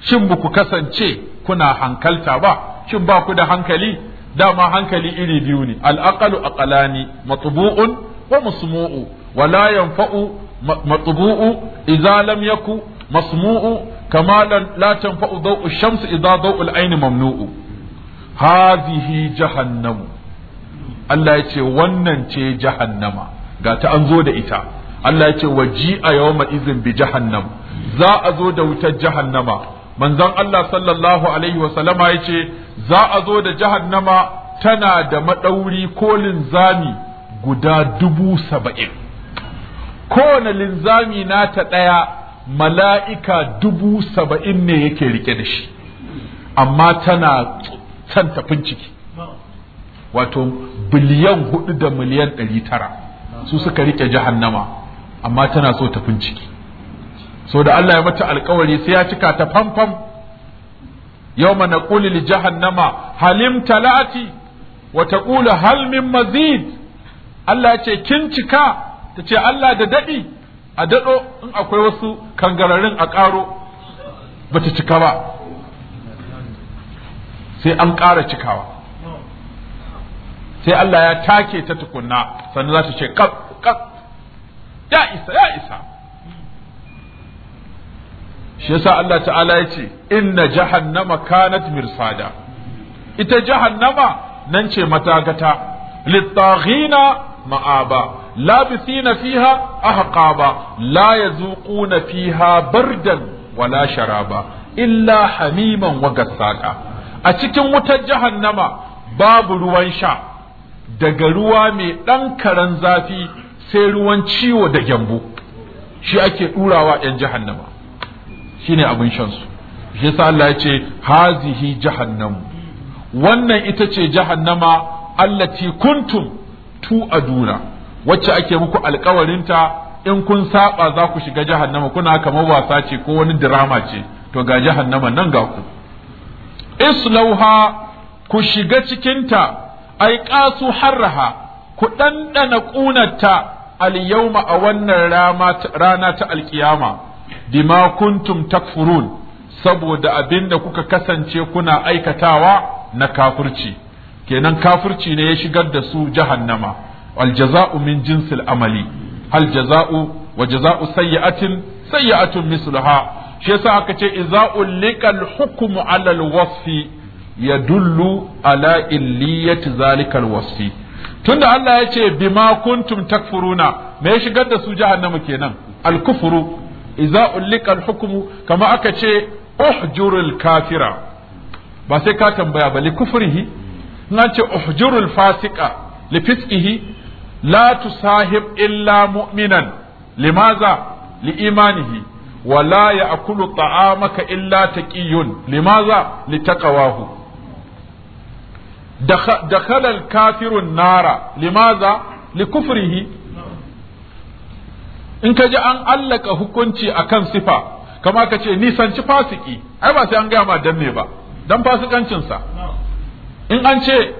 shin baku kasance kuna hankalta ba shin ba ku da hankali dama hankali iri biyu ne Al-Aqalu al-aqalu aqalani matbu'un wa musmu'u ولا ينفع مطبوع إذا لم يكن مسموع كما لا تنفع ضوء الشمس إذا ضوء العين ممنوع هذه جهنم الله يتي ونن تي جهنم قالت أنزو إتا الله يتي وجيء يوم إذن بجهنم ذا أزو دوت جهنم من ذن الله صلى الله عليه وسلم يتي ذا أزو جهنم تنا دمت أولي كل زاني قدا دبو سبئين kowane linzami nata ɗaya mala'ika dubu saba'in ne yake rike da shi amma tana son tafin ciki wato biliyan hudu da miliyan ɗari tara su suka rike jahannama amma tana so tafin ciki so da Allah ya mata alkawari sai ya cika ta famfam yawma ƙuli li jahannama halim talati wa taqulu hal min mazid Allah ya ce kin cika ta ce Allah da daɗi a daɗo in akwai wasu kangararin a ƙaro ba ta cika ba sai an ƙara cikawa sai Allah ya take ta tukunna sannan za ta ce kaf kaf ya isa ya isa shi yasa Allah ta'ala ya ce inna jahannama kanat mirsada ita jahannama nan ce matagata littaghina ma'aba labisina fiha ahqaba la yazuquna fiha bardan wala sharaba illa hamiman wa a cikin wutar jahannama babu ruwan sha daga ruwa mai ɗan karen zafi sai ruwan ciwo da gyambu. shi ake ɗurawa ‘yan jahannama shine abin shansu shi yasa Allah ya ce hazihi jahannamu wannan ita ce jahannama allati kuntum tu aduna wacce ake muku alkawarinta in kun saba za ku shiga jahannama kuna kamar wasa ce ko wani dirama ce to ga jahannama nan ga ku islauha ku shiga cikinta ai qasu harraha ku ɗanɗana ƙunarta al-yawma a wannan rana ta alkiyama bima kuntum takfurun saboda abin da kuka kasance kuna aikatawa na kafurci. kenan kafurci ne ya shigar da su jahannama Aljaza'u jaza'u min amali aljaza'u wajaza'u wa jaza'u sayyi'atin sayyi'atun misluha shi yasa aka ce idza ulika al hukmu ala al wasfi yadullu ala illiyati zalika al wasfi tunda Allah ya ce bima kuntum takfuruna me ya shigar da su jahannama kenan al kufru idza ulika al hukmu kama aka ce uhjurul kafira ba sai ka tambaya bali li kufrihi na ce uhjurul fasika li fisqihi la sahib illa mu'minan limaza li liimanihi wala ya'kulu ta'amaka illa taqiyun limaza litaqawahu دخل الكافر النار لماذا لكفره in ka ji an allaka hukunci a kan sifa kama ka ce nisanci fasiki ai ba sai an gaya ma danne ba dan fasikancinsa in an ce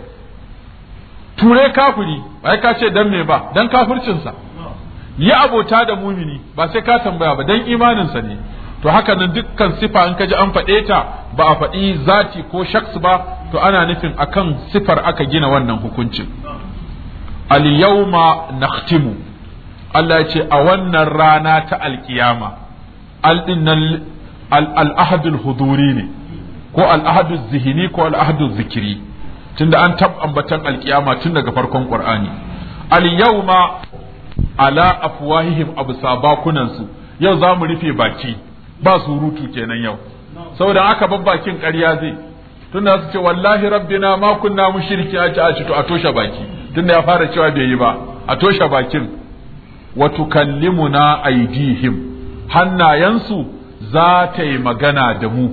ture kafiri ai ka ce dan me ba dan kafircinsa yi abota da mumini ba sai ka tambaya ba dan imaninsa ne to haka nan dukkan sifa in kaji an faɗe ta ba a faɗi zati ko shaks ba to ana nufin akan sifar aka gina wannan hukuncin al yawma nakhtimu Allah ya ce a wannan rana ta alkiyama al dinnan huduri ne ko al zihini ko al zikiri tunda an tab ambatan alkiyama tun daga farkon qur'ani al yawma ala afwahihim absa bakunan su yau za mu rufe baki ba surutu kenan yau saboda aka bar bakin ƙarya zai tunda su ce wallahi rabbina ma kunna mushriki a ci a ci to a toshe baki tunda ya fara cewa bai yi ba a toshe bakin wa tukallimuna aydihim hannayensu za ta yi magana da mu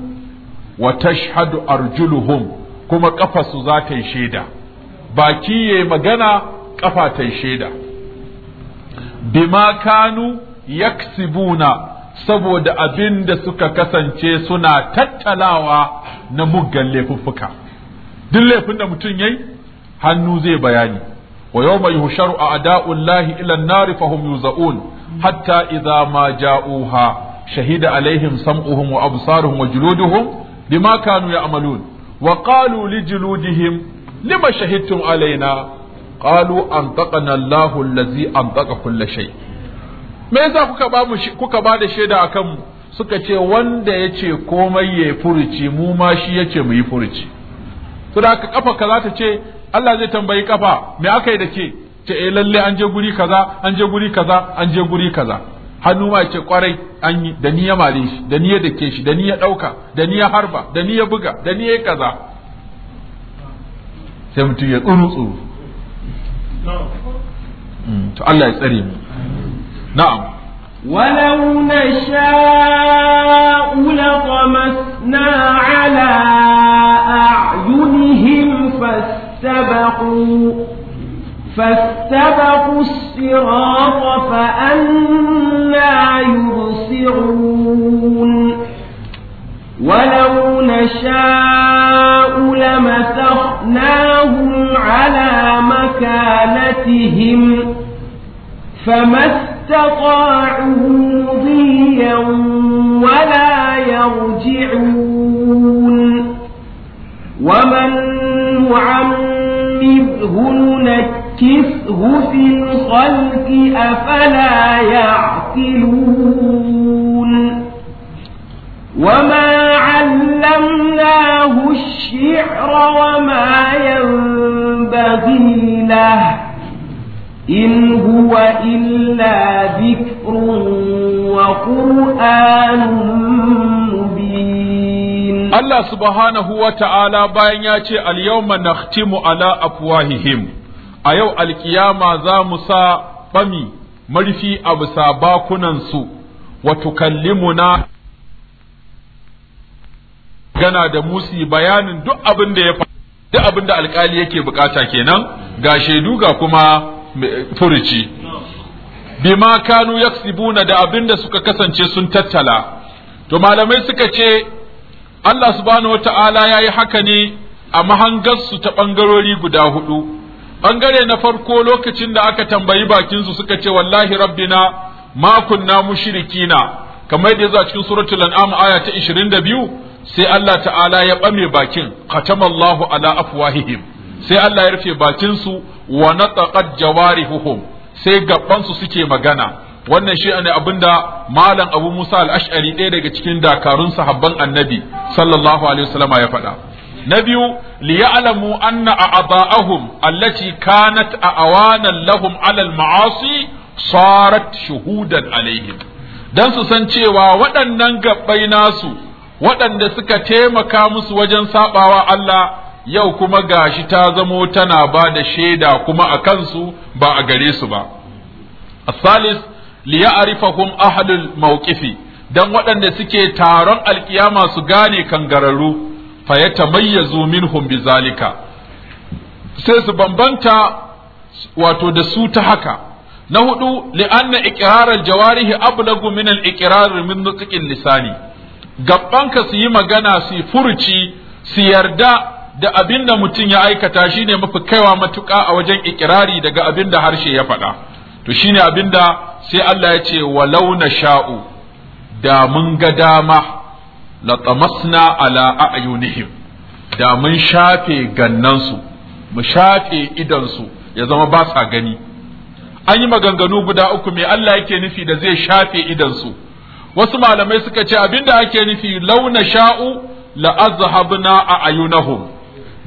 wa tashhadu arjuluhum kuma ƙafarsu za ta yi shaida baki yayi magana ƙafa ta yi shaida bima kanu yaksibuna saboda abin da suka kasance suna tattalawa na muggan laifuffuka duk laifin da mutum yayi hannu zai bayani wa yawma a a'da'ullahi ila an-nari fahum yuza'un hatta idza ma ja'uha shahida alaihim sam'uhum wa absaruhum wa juluduhum bima kanu ya'malun wa qalu li juludihim lima shahidtum alaina qalu antaqana Allahu allazi antaqa kulla shay me yasa kuka ba mu kuka ba da shaida akan mu suka ce wanda yace komai ya furuci mu ma shi yace mu yi furuci to da kafa kaza ta ce Allah zai tambayi kafa me aka yi da ke ce eh lalle an je guri kaza an je guri kaza an je guri kaza hannu ma ce kwarai an yi da ni ya mare shi da ni ya ke shi da ni ya ɗauka da ni ya harba da ni ya buga da ni ya kaza sai mutum ya tsuru tsuru mm, to Allah ya tsare mu na'am ولو نشاء لطمسنا على أعينهم فاستبقوا فاستبقوا الصراط فأنا يبصرون ولو نشاء لمسخناهم على مكانتهم فما استطاعوا مضيا ولا يرجعون ومن نعمره نكره كسه في الخلق أفلا يعقلون وما علمناه الشعر وما ينبغي له إن هو إلا ذكر وقرآن مبين الله سبحانه وتعالى باين ياتي اليوم نختم على أفواههم a yau alkiyama za mu sa fami marfi a bisa bakunansu wa na gana da musi bayanin duk abin da ya duk abin da alkali yake bukata kenan ga shaidu ga kuma furuci bima kanu yaksibuna da abin da suka kasance sun tattala to malamai suka ce Allah subhanahu wata'ala ya yi haka ne a mahangarsu ta ɓangarori guda hudu bangare na farko lokacin da aka tambayi bakinsu suka ce wallahi rabbina ma kunna mushrikina kamar da yazo cikin suratul an'am aya ta 22 sai Allah ta'ala ya bame bakin khatamallahu ala afwahihim sai Allah ya rufe bakin su wa nataqat jawarihuhum sai gaban suke magana wannan shi ne abinda malam Abu Musa al-Ash'ari ɗaya daga cikin dakarun sahabban Annabi sallallahu alaihi wasallama ya faɗa na biyu liya'lamu anna a'dha'ahum allati kanat a'wanan lahum alal maasi sarat shuhudan alaihim dan su san cewa waɗannan gabbai nasu waɗanda suka taimaka musu wajen sabawa Allah yau kuma gashi ta zamo tana ba da shaida kuma a kansu ba a gare su ba الثالث ليعرفهم ahlul mawqifi dan waɗanda suke taron alkiyama su gane kangararru fa yatamayyazu minhum bizalika sai su bambanta wato da su ta haka na hudu li'anna ikirarar jawarihi ablagu min al-iqrar min nutqin lisani gabbanka su yi magana su furuci su yarda da abin da mutum ya aikata shine mafi kaiwa matuƙa a wajen ikirari daga abin da harshe ya faɗa to shine abin da sai Allah ya ce walau na sha'u da mun ga dama latamasna ala a'yunihim da mun shafe gannansu mu shafe idansu ya zama ba sa gani an yi maganganu guda uku me Allah yake nufi da zai shafe idansu wasu malamai suka ce abinda ake nufi launa sha'u la azhabna a ayunahum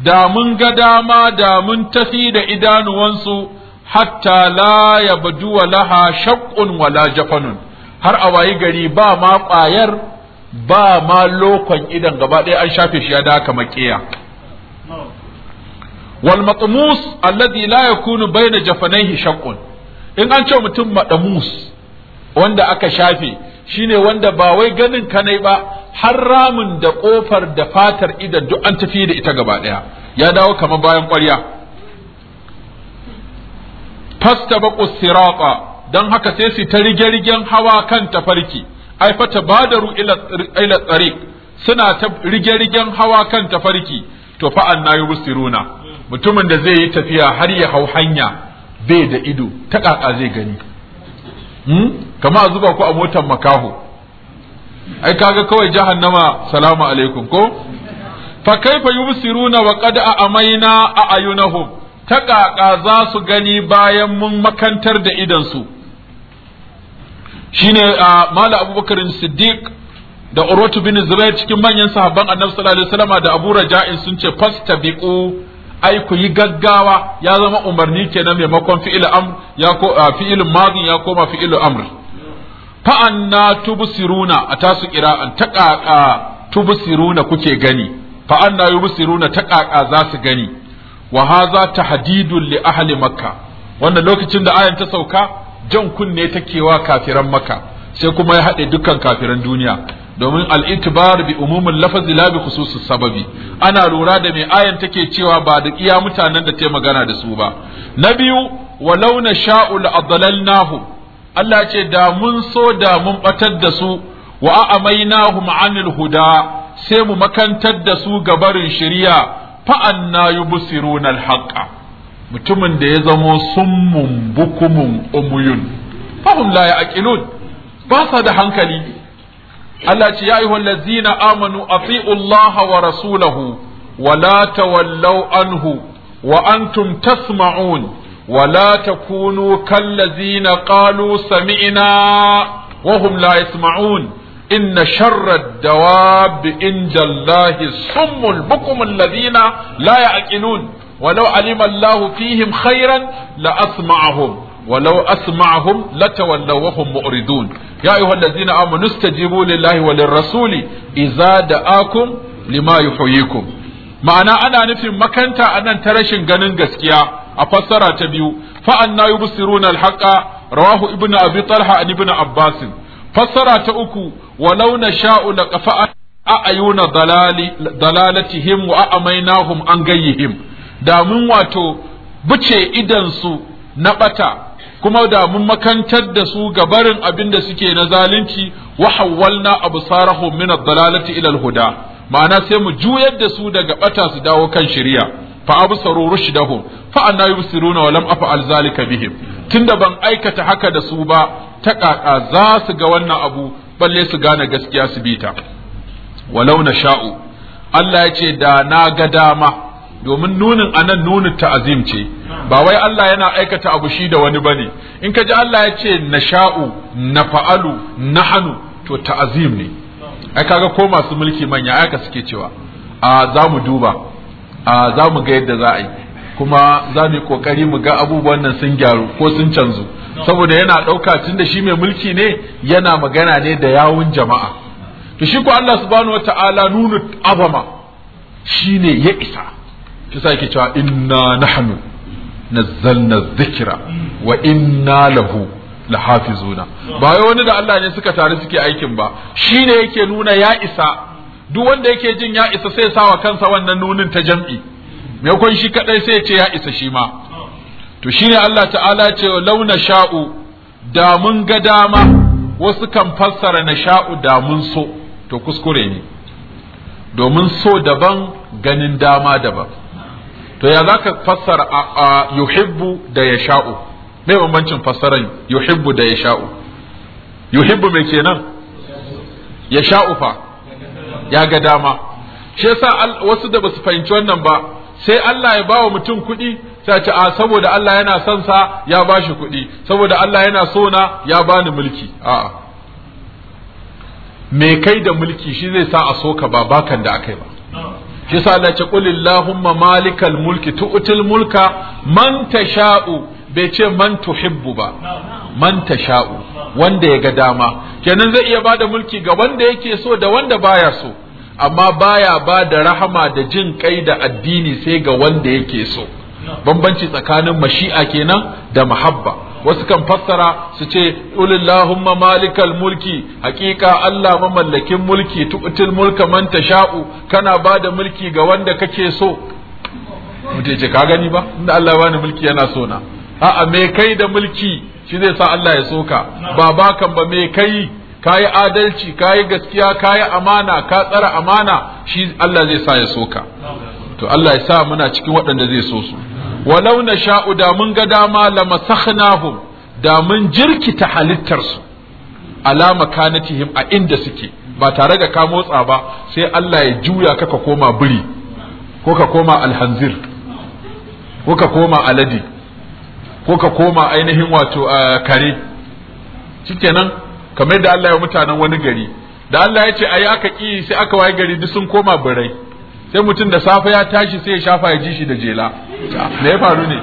da mun ga dama da mun tafi da idanuwansu hatta la yabdu laha shaqqun wala jafanun har a wayi gari ba ma ƙwayar ba ma lokon idan gaba ɗaya an shafe shi ya da haka maƙiya wal matmus alladhi la yakunu baina jafanayhi shaqqun in an ce mutum madamus wanda aka shafe shine wanda ba wai ganin kanai ba har ramin da kofar da fatar idan duk an tafi da ita gaba ɗaya. ya dawo kamar bayan ƙwarya fastabaqu sirata dan haka sai su ta rige-rigen hawa kan tafarki ai fa tabadaru ila ila suna ta rige-rigen hawa kan tafarki to fa nayi busiruna mutumin da zai yi tafiya har ya hau hanya bai da ido ta kaka zai gani hmm? kama a zuba ku a motar makaho ai kaga kawai jahannama salamu alaikum ko fa kaifa yubsiruna wa qad amaina a ayunahum ta kaka za su gani bayan mun makantar da idan su shine uh, mala abubakar siddiq da urwatu bin zubair cikin manyan sahabban annabi sallallahu alaihi wasallama da abu raja'in sun ce fastabiqu ai ku yi gaggawa ya zama umarni kenan maimakon fi'il amr ya ko uh, fi'il madin ya koma fi'il amr fa anna tubsiruna a qira'an taqaqa tubsiruna kuke gani fa anna yubsiruna taqaqa za su gani wa hadha tahdidun li ahli makkah wannan lokacin da ayan ta sauka jan kunne takewa kafiran maka sai kuma ya haɗe dukkan kafiran duniya domin al'itibar bi umumin lafazi la bi khususus sababi ana lura da mai ayan take cewa ba da iya mutanen da ta magana da su ba na biyu walau na sha'ul nahu Allah ce da mun so da mun batar da su wa nahu anil huda sai mu makantar da su ga barin fa'an na yi yubsiruna na haqqa mutumin da ya zamo summun bukumun umuyun fahum la yaqilun ba sa da hankali Allah ce ya ayyuhal ladzina amanu ati'u Allah wa rasulahu wa la tawallaw anhu wa antum tasma'un wa la takunu kal ladzina qalu sami'na wa hum la yasma'un إن شر الدواب عند الله الصم البكم الذين لا يعقلون walau alima Allahu fihim khairan la asma'ahum ولو أسمعهم لتولوا وهم مؤردون يا أيها الذين آمنوا استجيبوا لله وللرسول إذا دعاكم لما يحييكم ma'ana ana nufin makanta a nan ta rashin ganin gaskiya a fassara ta biyu fa'anna yubsiruna al-haqa rawahu ibnu abi talha an Ibn abbas fassara ta uku walau nasha'u laqafa'a ayuna dalali dalalati him wa amainahum an gayyihim da mun wato buce idansu na bata kuma da mun makantar da su ga barin abin da suke na zalunci wa hawwalna absarahum min ad-dalalati ila al-huda ma'ana sai mu juyar da su daga bata su dawo kan shari'a fa absaru rushdahum fa anna yusiruna wa lam af'al zalika bihim tunda ban aikata haka da su ba ta kaka za su ga wannan abu balle su gane gaskiya su bita walau na sha'u Allah ya ce da na ga dama domin nunin anan nunin ta'azim ce ba wai Allah yana aikata abu shi da wani bane in ka ji Allah ya ce nasha'u nafa'alu nahanu to ta'azim ne ai kaga ko masu mulki manya aka suke cewa a za mu duba a za mu ga yadda za a yi kuma za mu yi kokari mu ga abubuwan nan sun gyaru ko sun canzu saboda yana ɗauka tun da shi mai mulki ne yana magana ne da yawun jama'a to shi ko Allah subhanahu wata'ala nunu azama shine ya isa kisa sa yake cewa inna nahnu nazzalna dhikra wa inna lahu lahafizuna ba wai wani da Allah ne suka tare suke aikin ba shine yake nuna ya isa duk wanda yake jin ya isa sai sawa kansa wannan nunin ta jam'i me kun shi kadai sai ce ya isa shi ma to shine Allah ta'ala ce launa sha'u da mun ga dama wasu kan fassara na sha'u da mun so to kuskure ne domin so daban ganin dama daban to ya zaka fassara a yuhibbu da yasha'u me bambancin fassaran yuhibbu da yasha'u yuhibbu me kenan yasha'u fa ya ga dama shi yasa wasu da basu fahimci wannan ba sai Allah ya bawa mutum kuɗi sai ce a saboda Allah yana son sa ya ba shi kuɗi saboda Allah yana so na ya bani mulki a me kai da mulki shi zai sa a so ka ba bakan da akai ba shi sa Allah ce malikal mulki tu'til mulka man tasha'u bai ce man tuhibbu ba man tasha'u wanda ya ga dama kenan zai iya bada mulki ga wanda yake so da wanda baya so amma baya ba da rahama da jin kai da addini sai ga wanda yake so bambanci tsakanin mashi'a kenan da muhabba. wasu kan fassara su ce ulillahumma malikal mulki hakika Allah mamallakin mulki tu'til mulka man tasha'u kana bada mulki ga wanda kake so mutum ce ka gani ba inda Allah ya bani mulki yana so na a'a me kai da mulki shi zai sa Allah ya soka ba bakan ba me kai kayi adalci kayi gaskiya kayi amana ka tsara amana shi Allah zai sa ya soka to Allah ya sa muna cikin waɗanda zai so su walau na sha'u da mun ga dama lamasakhnahum da mun jirkita halittarsu ala makanatihim a inda suke ba tare da ka motsa ba sai Allah ya juya ka ka koma biri ko ka koma alhanzir ko ka koma Aladi, ko ka koma ainihin wato kare shikenan kamar da Allah ya mutanen wani gari da Allah ya ce ayi aka ki sai aka waye gari duk sun koma birai sai mutum da safe ya tashi sai ya shafa ya ji shi da jela me ya faru ne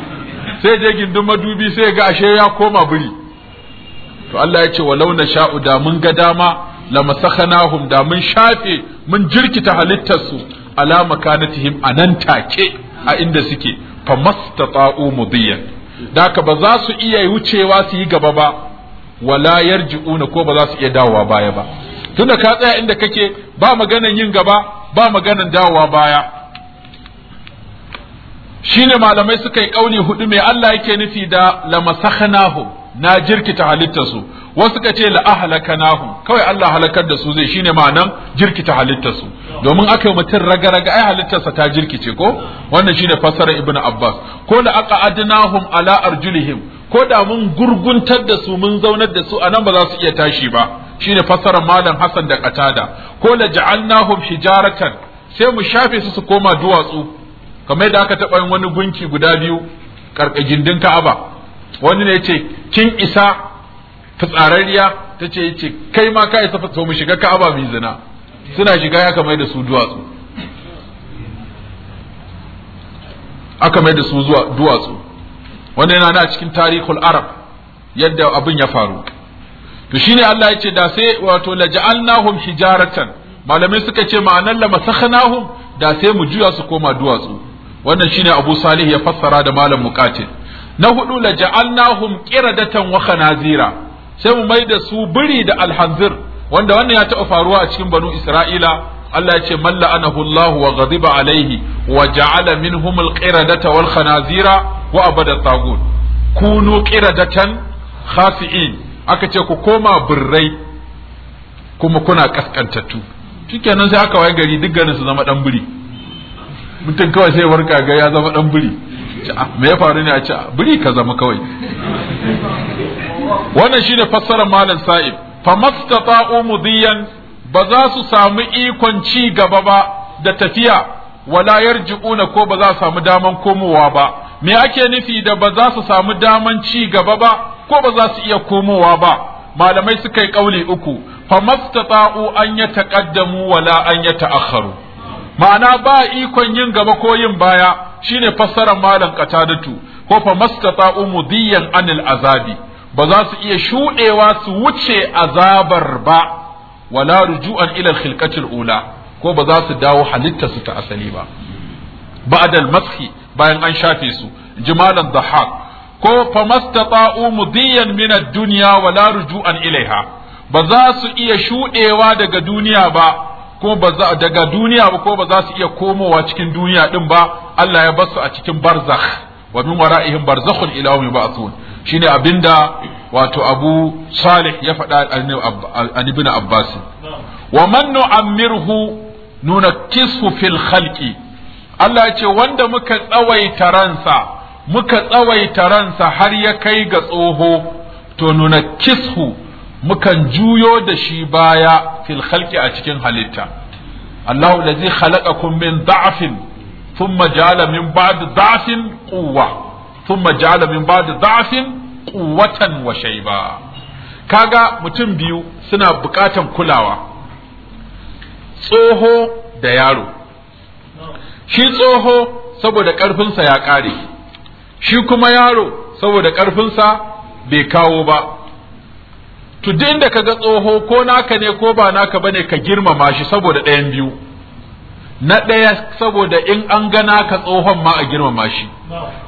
sai je gindin madubi sai ga ashe ya koma biri to Allah ya ce walau na sha'u da mun ga dama la masakhanahum da mun shafe mun jirkita halittarsu ala makanatihim anan take a inda suke mastata'u mudiyan daka ba za su iya wucewa su yi gaba ba wala yarji'una ko ba za su iya dawowa baya ba tunda ka tsaya inda kake ba maganan yin gaba ba maganan dawowa baya Shi ne malamai suka yi ƙauni hudu mai Allah yake nufi da lamasakhnahum na jirkita halittarsu wasu ka ce la kawai Allah halakar da su zai shine ma'anan jirkita halittarsu domin aka yi mutum raga raga ai halittarsa ta jirkice ko wannan shine fassara ibnu abbas ko la aka adnahum ala arjulihim ko da mun gurguntar da su mun zaunar da su anan ba za su iya tashi ba shine fassarar malam Hassan da Qatada ko la ja'alnahum hijaratan sai mu shafe su su koma duwatsu kamar da aka taɓa yin wani gunki guda biyu gindin Ka'aba wani ne yace kin isa fitsararriya ta yace kai ma ka isa to mu shiga Ka'aba mu zina suna shiga ya kamar da su duwatsu aka mai da su zuwa duwatsu wanda yana na cikin tarihul arab yadda abin ya faru to shine Allah ya ce da sai wato laja'alnahum hijaratan malamai suka ce ma'anar la masakhnahum da sai mu juya su koma duwatsu wannan shine Abu Salih ya fassara da malam Muqatil na hudu laja'alnahum qiradatan wa khanazira sai mu mai da su biri da alhanzir wanda wannan ya taɓa faruwa a cikin banu Isra'ila Allah ya ce man la'anahu wa ghadiba alaihi wa ja'ala minhum al-qiradata wal khanazira wa abada tagut kunu qiradatan khasi'in aka ce ku koma birrai kuma kuna kaskantattu shikenan sai aka waye gari duk garin su zama dan buri mutum kawai sai warka ga ya zama dan buri ah, me ya faru ne a ce ah, buri ka zama kawai wannan shine fassarar malam sa'ib mastata'u mudiyan ba za su samu ikon ci gaba ba da tafiya wala yarji'una ko ba za su samu daman komowa ba me ake nufi da ba za su samu daman ci gaba ba ko ba za su iya komowa ba malamai suka yi kauli uku fa mastata'u an ya taqaddamu wala an ya ta'akharu ma'ana ba ikon yin gaba ko yin baya shine fassarar malam qatadatu ko fa mastata'u mudiyan anil azabi ba za su iya shudewa su wuce azabar ba wala ruju'an ila al ula ko ba za su dawo halitta su ta asali ba ba'da al-mashi bayan an shafe su jimalan dhahak ko famastata'u mudiyan min ad-dunya wala ruju'an ilaiha ba za su iya shudewa daga duniya ba ko ba za daga duniya ba ko ba za su iya komowa cikin duniya din ba Allah ya basu a cikin barzakh wa min wara'ihim barzakhun ila yawmi ba'thun shine abinda wato Abu Salih ya faɗa an Ibn Abbas wa man nu'ammirhu nunakisu fil khalqi Allah ya ce wanda muka tsawaita ransa muka tsawaita ransa har ya kai ga tsoho to nuna kishu mukan juyo da shi baya fil khalqi a cikin halitta Allahu allazi khalaqakum min da'fin thumma ja'ala min ba'di da'fin quwwa thumma ja'ala min ba'di da'fin quwwatan wa shayba kaga mutum biyu suna bukatan kulawa tsoho da yaro shi tsoho saboda karfinsa ya kare shi kuma yaro saboda ƙarfinsa bai kawo ba to duk inda ka ga tsoho ko naka ne ko ba naka bane ka girmama shi saboda ɗayan biyu na ɗaya saboda in an gana ka tsohon ma a girmama shi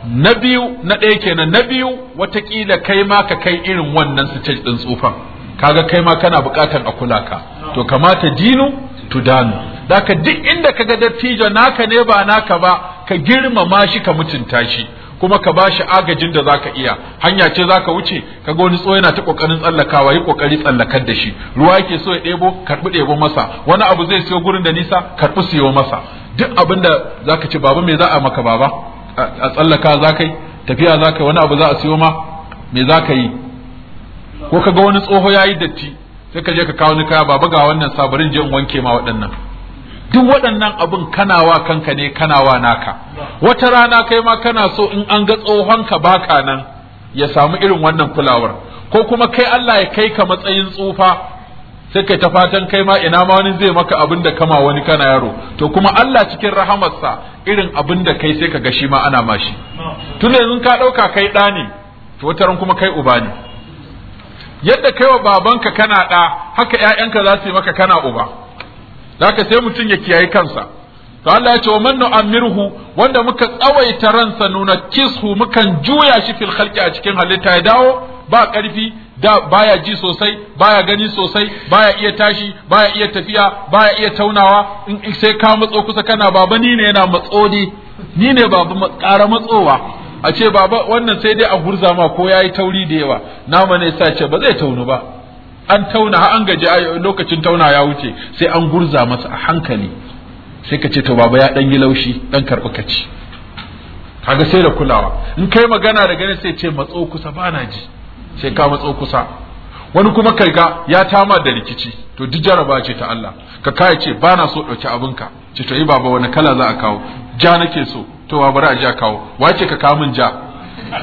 na biyu na ɗaya kenan na biyu watakila kai ma ka kai irin wannan su ɗin tsufan kaga kai ma kana buƙatar a kula ka to kamata dinu to danu daka duk inda kaga dattijo naka ne ba naka ba ka girmama shi ka mutunta shi kuma ka ba shi agajin da zaka iya hanya ce zaka wuce ka ga wani tsoye yana ta kokarin tsallakawa yi kokari tsallakar da shi ruwa yake so ya ɗebo karbi ɗebo masa wani abu zai siyo gurin da nisa karbi siyo masa duk abin da zaka ci baba me za a maka baba a tsallaka zaka yi tafiya zaka yi wani abu za a siyo ma me zaka yi ko ka ga wani tsoho yayi datti sai ka je ka kawo ni kaya baba ga wannan sabarin je in wanke ma waɗannan duk waɗannan abin kanawa kanka ne kanawa naka wata rana kai ma kana so in an ga ka baka nan ya samu irin wannan kulawar ko kuma kai Allah ya kai ka matsayin tsufa sai kai ta fatan kai ma ina ma wani zai maka abin da kama wani kana yaro to kuma Allah cikin rahamarsa irin abin da kai sai ka ga shi ma ana mashi tun da ka ɗauka kai ɗa ne to wata ran kuma kai uba ne yadda kai wa babanka kana ɗa haka ƴaƴanka za su yi maka kana uba zaka sai mutum ya kiyaye kansa to Allah ya ce wa man amirhu wanda muka tsawaita ransa nuna kishu mukan juya shi fil khalqi a cikin halitta ya dawo ba karfi da baya ji sosai baya gani sosai baya iya tashi baya iya tafiya baya iya taunawa in sai ka matso kusa kana baba ni ne yana matso ne ni ne baba ƙara matsowa a ce baba wannan sai dai a gurza ma ko yayi tauri da yawa Na ne sa ce ba zai taunu ba an tauna an gaji lokacin tauna ya wuce sai an gurza masa a hankali sai ka ce to baba ya dan yi laushi dan karɓi ka ci kaga sai da kulawa in kai magana da ganin sai ce matso kusa bana ji sai ka matso kusa wani kuma kai ga ya tama da rikici to duk jaraba ce ta Allah ka kai ce bana so dauki ka. ce to yi baba wani kala za a kawo ja nake so to bari a ja kawo wace ka kawo min ja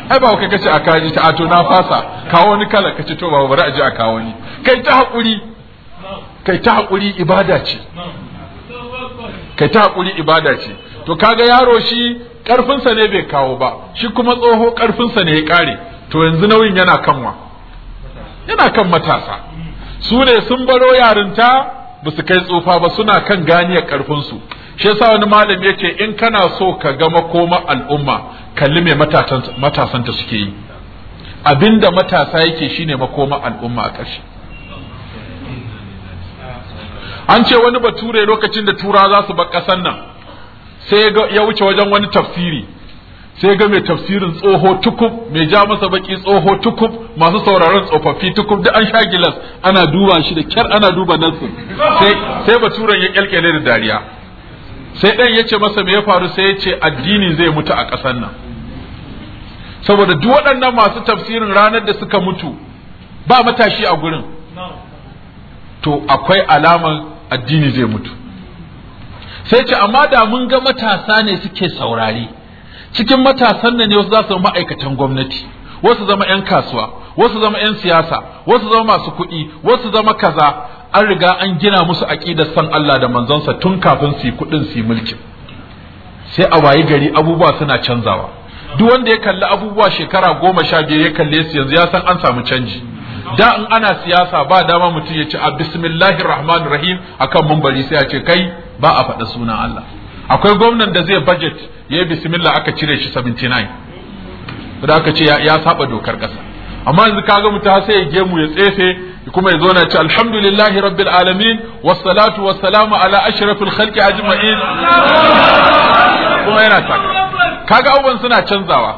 ai ba kai kace a kaji ta ato na fasa kawo wani kala kace to ba bari a ji a kawo ni kai ta hakuri kai ta hakuri ibada ce kai ta hakuri ibada ce to kaga yaro shi karfinsa ne bai kawo ba shi kuma tsoho karfinsa ne ya kare to yanzu nauyin yana kanwa yana kan matasa su ne sun baro yarinta ba su kai tsufa ba suna kan ganiyar su shi yasa wani ya ce in kana so ka ga makoma al'umma kalli mai matasan ta suke yi abinda matasa yake shine makoma al'umma a ƙarshe an ce wani bature lokacin da tura za su bar ƙasar nan sai ya wuce wajen wani tafsiri sai ga mai tafsirin tsoho tukub mai ja masa baki tsoho tukub masu sauraron tsofaffi tukub da an sha gilas ana duba shi da kyar ana duba nasu sai baturen ya kyalkyale da dariya sai ɗan ya ce masa me ya faru sai ya ce addini zai mutu a ƙasar nan saboda duk waɗannan masu tafsirin ranar da suka mutu ba matashi a gurin to akwai alamar addini zai mutu sai ce amma da mun ga matasa ne suke saurari cikin matasan nan ne wasu za su zama ma'aikatan gwamnati wasu zama 'yan kasuwa wasu zama 'yan siyasa wasu zama masu kuɗi wasu zama kaza an riga an gina musu aqidar san Allah da manzansa tun kafin su yi kudin su yi mulkin sai a wayi gari abubuwa suna canzawa duk wanda ya kalli abubuwa shekara goma sha biyar ya kalle su yanzu ya san an samu canji da in ana siyasa ba dama mutum ya ce a bismillahir rahmanir rahim akan mumbari sai a ce kai ba a faɗa sunan Allah akwai gwamnan da zai budget ya yi bismillah aka cire shi 79 da aka ce ya saba dokar ƙasa amma yanzu kaga mutum har sai ya gemu ya tsefe kuma ya zo na ce alhamdulillahi rabbil alamin wassalatu wassalamu ala ashrafil khalqi ajma'in kuma yana taka kaga abubuwan suna canzawa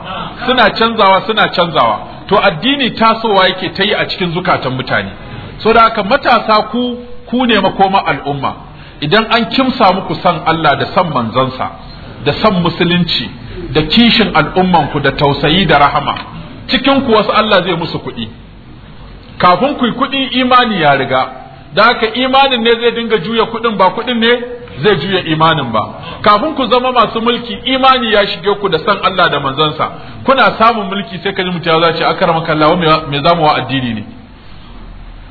suna canzawa suna canzawa to addini tasowa yake ta yi a cikin zukatan mutane so da haka matasa ku ku ne makoma al'umma idan an kimsa muku san Allah da san manzansa da san musulunci da kishin al'umman ku da tausayi da rahama cikin ku wasu Allah zai musu kuɗi kafin ku yi kuɗi imani ya riga da haka imanin ne zai dinga juya kuɗin ba kuɗin ne zai juya imanin ba kafin ku zama masu mulki imani ya shige ku da san Allah da manzansa kuna samun mulki sai ka mutum ya zace akarama kallawa me zamu wa addini ne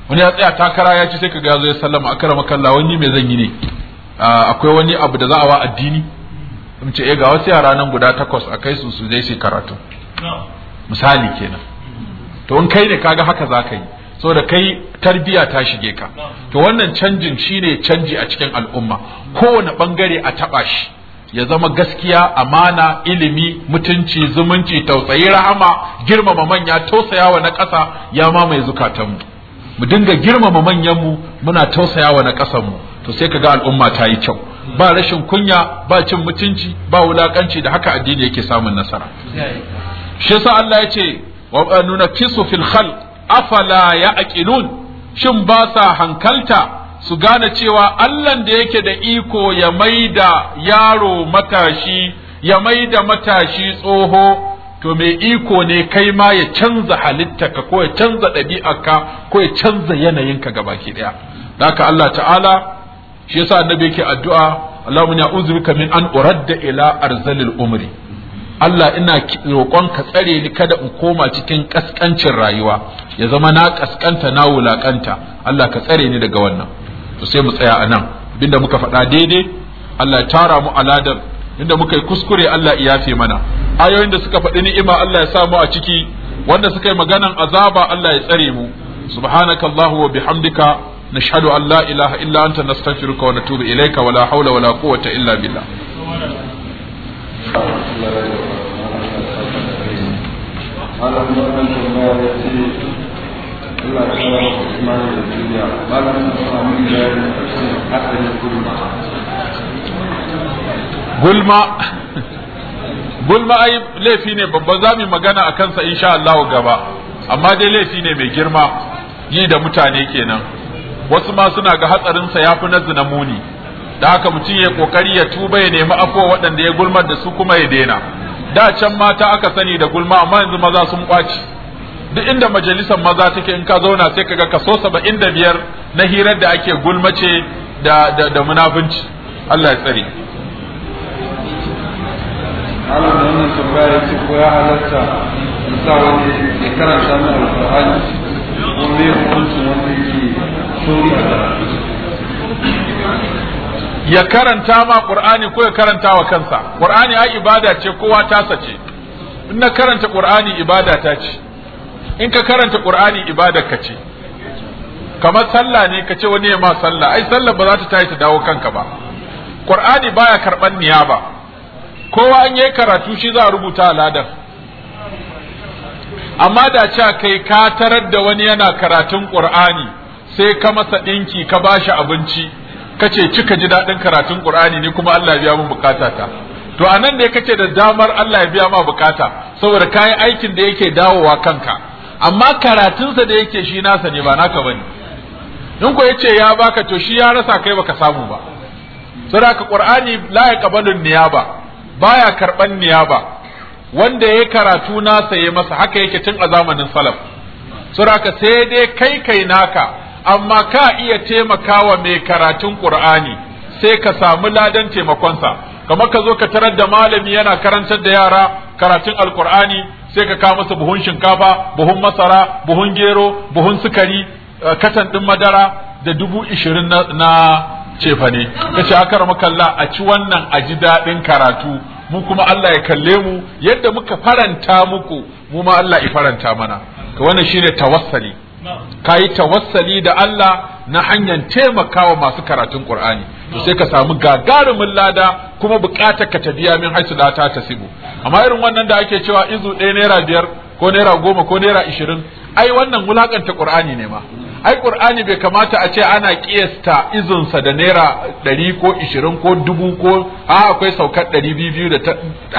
wani ya tsaya takara ya ci sai ka ga ya zo ya sallama kallawa wani me zan yi ne akwai wani abu da za a wa addini mu ce eh ga wasu yara nan guda takwas a kai su su zai shi karatu misali kenan to in kai ne kaga haka za ka yi da kai tarbiya ta shige ka to wannan canjin shine canji a cikin al'umma kowane bangare a taba shi ya zama gaskiya amana ilimi mutunci zumunci tausayi rahama girmama manya tausayawa na ƙasa ya mamaye zukatanmu mu dinga girmama manyanmu muna tausayawa na ƙasanmu to sai ka ga al'umma ta yi kyau ba rashin kunya ba cin mutunci ba wulaƙanci, da haka addini yake samun nasara shi sa Allah ya ce wa nuna kisu fil khalq afala ya aqilun shin ba sa hankalta su gane cewa Allahn da yake da iko ya maida yaro matashi ya maida matashi tsoho to mai iko ne kai ma ya canza halitta ka? ko ya canza ka? ko ya canza yanayinka gabaki ɗaya haka Allah ta'ala shi yasa annabi yake addu'a Allahumma ya'udhu bika min an uradda ila arzalil umri Allah ina roƙon ka tsare ni kada in koma cikin ƙasƙancin rayuwa ya zama na ƙasƙanta, na wulaƙanta. Allah ka tsare ni daga wannan to sai mu tsaya a nan binda muka faɗa daidai Allah ya tara mu aladar inda muka yi kuskure Allah ya yafe mana ayoyin da suka faɗi ni'ima Allah ya sa mu a ciki wanda suka yi maganan azaba Allah ya tsare mu subhanakallahu wa bihamdika nashhadu an la ilaha illa anta nastaghfiruka wa natubu ilayka wala hawla wala quwwata illa billah gulma gulma ai laifi ne babban za mu magana a kansa insha Allah gaba amma dai laifi ne mai girma yi da mutane kenan wasu ma suna ga hatsarinsa ya fi na zina muni da haka mutum ya kokari ya tuba ya nemi afo waɗanda ya gulmar da su kuma ya daina da can mata aka sani da gulma amma yanzu maza sun kwaci duk inda majalisar maza take in ka zauna sai kaga kaso 75 na hirar da ake gulmace da da, da munafunci Allah ya tsare Allah wannan tambaya ce ko ya halatta in sa wani ya karanta mu alƙur'ani ko me hukuncin wanda yake shuri ya karanta ma qur'ani ko ya karanta wa kansa qur'ani ai ibada ce kowa tasa ce in na karanta qur'ani ibada ta ce in ka karanta qur'ani ibada ka ce kamar sallah ne ka ce wani ya ma sallah ai sallah ba za ta tashi ta dawo kanka ba qur'ani baya karban niyaba kowa an yi karatu shi za a rubuta al'adar. amma da cewa kai ka tarar da wani yana karatun qur'ani sai ka masa ɗinki ka bashi abinci kace kika ji daɗin karatun Qur'ani ni kuma Allah ya biya mun bukata ta to anan ne kake da damar Allah ya biya ma bukata saboda kai aikin da yake dawowa kanka amma karatunsa da yake shi nasa ne ba naka bane in ko yace ya baka to shi ya rasa kai baka samu ba saboda Qur'ani la yaqbalu niyaba baya karban niyaba wanda ya karatu nasa ya masa haka yake tun a zamanin salaf saboda sai dai kai kai naka amma ka iya taimakawa mai karatun qur'ani sai ka samu ladan taimakonsa kamar ka zo ka tarar da malami yana karantar da yara karatun alqur'ani sai ka kawo masa buhun shinkafa buhun masara buhun gero buhun sukari eh, katan ɗin madara da dubu ishirin na cefane ka ce aka makalla a ci wannan a ji daɗin karatu mu kuma Allah ya kalle mu yadda muka faranta muku mu ma Allah ya faranta mana to wannan shine tawassali ka yi tawassali da Allah na hanyar taimakawa masu karatun Qur'ani to sai ka samu gagarumin lada kuma bukatar ka ta biya min haisu da ta tasibu amma irin wannan da ake cewa izu ɗaya naira biyar ko naira goma ko naira ishirin ai wannan wulakanta Qur'ani ne ma ai Qur'ani bai kamata a ce ana kiyasta izinsa da naira ɗari ko ishirin ko dubu ko a akwai saukar ɗari biyu biyu da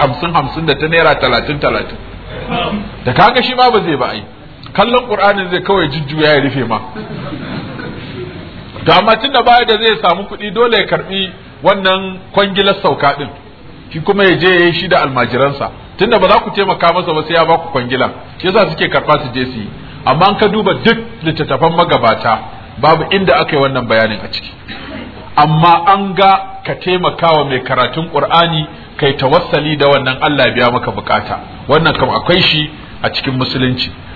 hamsin hamsin da ta naira talatin talatin da kaga shi ma ba zai ba ai kallon ƙur'anin zai kawai jujjuya ya rufe ma to amma tunda baya da zai samu kuɗi dole ya karbi wannan kwangilar sauka din shi kuma ya je yayi shi da almajiransa tunda ba za ku taimaka masa ba sai ya baku kwangila shi yasa suke karba su je su yi amma an ka duba duk littattafan magabata babu inda aka yi wannan bayanin a ciki amma an ga ka taimakawa mai karatun qur'ani kai tawassali da wannan Allah biya maka bukata wannan kam akwai shi a cikin musulunci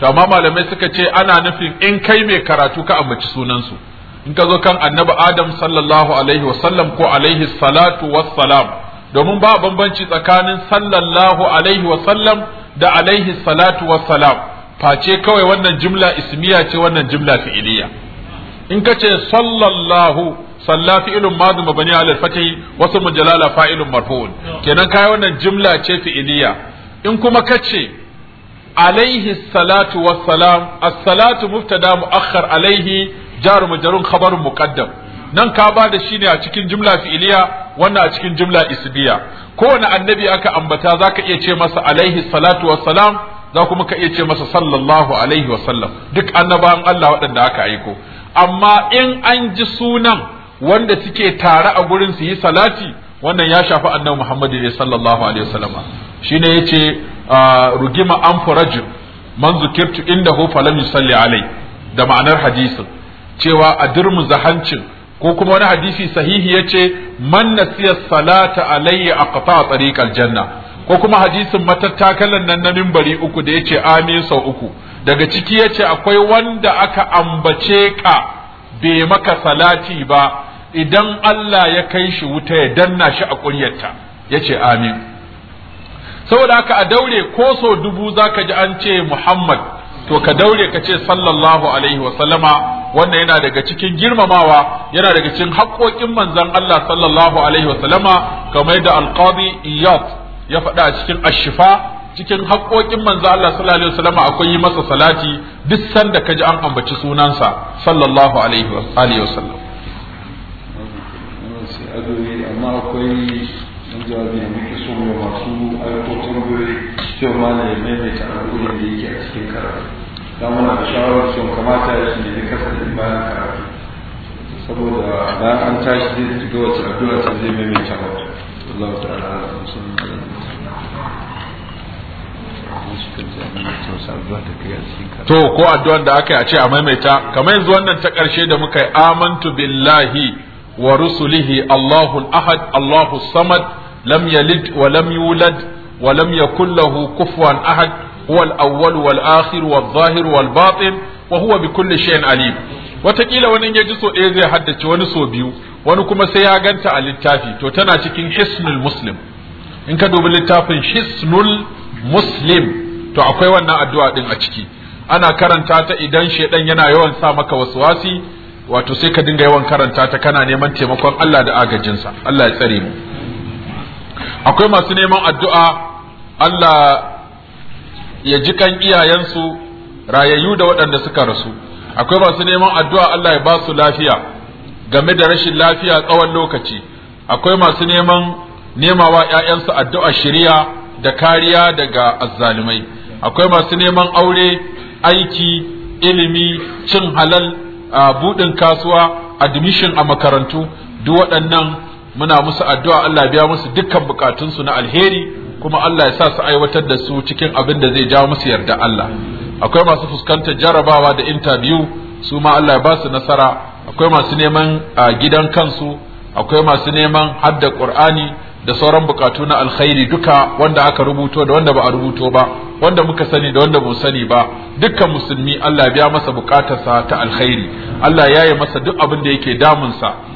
to amma malamai suka ce ana nufin in kai mai karatu ka ambaci sunansu in ka zo kan annabi adam sallallahu alaihi wasallam ko alaihi salatu wassalam domin ba bambanci tsakanin sallallahu alaihi wasallam da alaihi salatu wassalam face kawai wannan jumla ismiya ce wannan jumla fi'iliya in ka ce sallallahu salla fi'ilun madu mabani ala fatihi wasu mujalala fa'ilun marfu'un kenan kai wannan jumla ce fi'iliya in kuma ka ce alaihi salatu wassalam as-salatu muftada mu'akhar alaihi jar majrun khabar muqaddam nan ka ba da shi ne a cikin jumla fi'iliya wannan a cikin jumla isbiya kowane annabi aka ambata zaka iya ce masa alaihi salatu wassalam za kuma ka iya ce masa sallallahu alaihi wasallam duk annabawan Allah waɗanda aka aiko amma in an ji sunan wanda suke tare a gurin su yi salati wannan ya shafi annabi Muhammad ne sallallahu alaihi wasallam shine yace rugima an furajin man zukirtu inda hu falam yusalli alai da ma'anar hadisin cewa a dirmu hancin ko kuma wani hadisi sahihi ya ce man nasiya salata alayya a kafa a janna ko kuma hadisin matattakalan nan na mimbari uku da ya ce amin sau uku daga ciki ya ce akwai wanda aka ambace ka bai maka salati ba idan Allah ya kai shi wuta ya danna shi a kunyarta ya ce amin saboda haka a daure ko so dubu za ka ji an ce Muhammad to ka daure ka ce sallallahu alaihi wa sallama wannan yana daga cikin girmamawa yana daga cikin haƙoƙin manzon Allah sallallahu alaihi wa sallama kamar yadda alqadi iyad ya faɗa a cikin ashifa cikin haƙoƙin manzon Allah sallallahu alaihi wa sallama akwai yi masa salati duk sanda ka ji an ambaci sunansa sallallahu alaihi wa sallam amma akwai jawabi da muke so mai masu aiko tambayoyi cewa mana ya maimaita alƙulin da yake a cikin karatu da muna da shawarar cewa kamata ya shi ne kasa da bayan karatu saboda bayan an tashi zai shiga wace addu'a ta zai maimaita mata Allah ta'ala to ko addu'ar da aka yi a ce a maimaita kamar yanzu wannan ta ƙarshe da muka yi amantu billahi wa rusulihi Allahul ahad Allahus samad lam yalid wa lam yulad wa lam yakul lahu kufuwan ahad huwa al-awwal wal akhir wal zahir wal batin wa huwa bi kulli shay'in alim wani ya ji so ɗaya zai haddace wani so biyu wani kuma sai ya ganta a littafi to tana cikin hisnul muslim in ka dubi littafin hisnul muslim to akwai wannan addu'a din a ciki ana karanta ta idan shedan yana yawan sa maka wasu wasi, wato sai ka dinga yawan karanta ta kana neman taimakon Allah da agajinsa Allah ya tsare mu akwai masu neman addu'a Allah ya ji kan iyayensu rayayyu da waɗanda suka rasu akwai masu neman addu'a Allah ya ba su lafiya game da rashin lafiya tsawon lokaci akwai masu neman nemawa ‘ya'yansu addu'a shirya da kariya daga azzalumai akwai masu neman aure aiki ilimi cin halal a buɗin kasuwa admission a makarantu duk waɗannan muna musu addu'a Allah biya musu dukkan bukatunsu na alheri kuma Allah ya sa su aiwatar da su cikin abin da zai jawo musu yarda Allah akwai masu fuskantar jarabawa da interview su ma Allah ya ba su nasara akwai masu neman gidan kansu akwai masu neman hadda Qur'ani da sauran bukatu na alkhairi duka wanda aka rubuto da wanda ba a rubuto ba wanda muka sani da wanda ba sani ba dukkan musulmi Allah ya biya masa bukatarsa ta alkhairi Allah ya yi masa duk abin da yake damunsa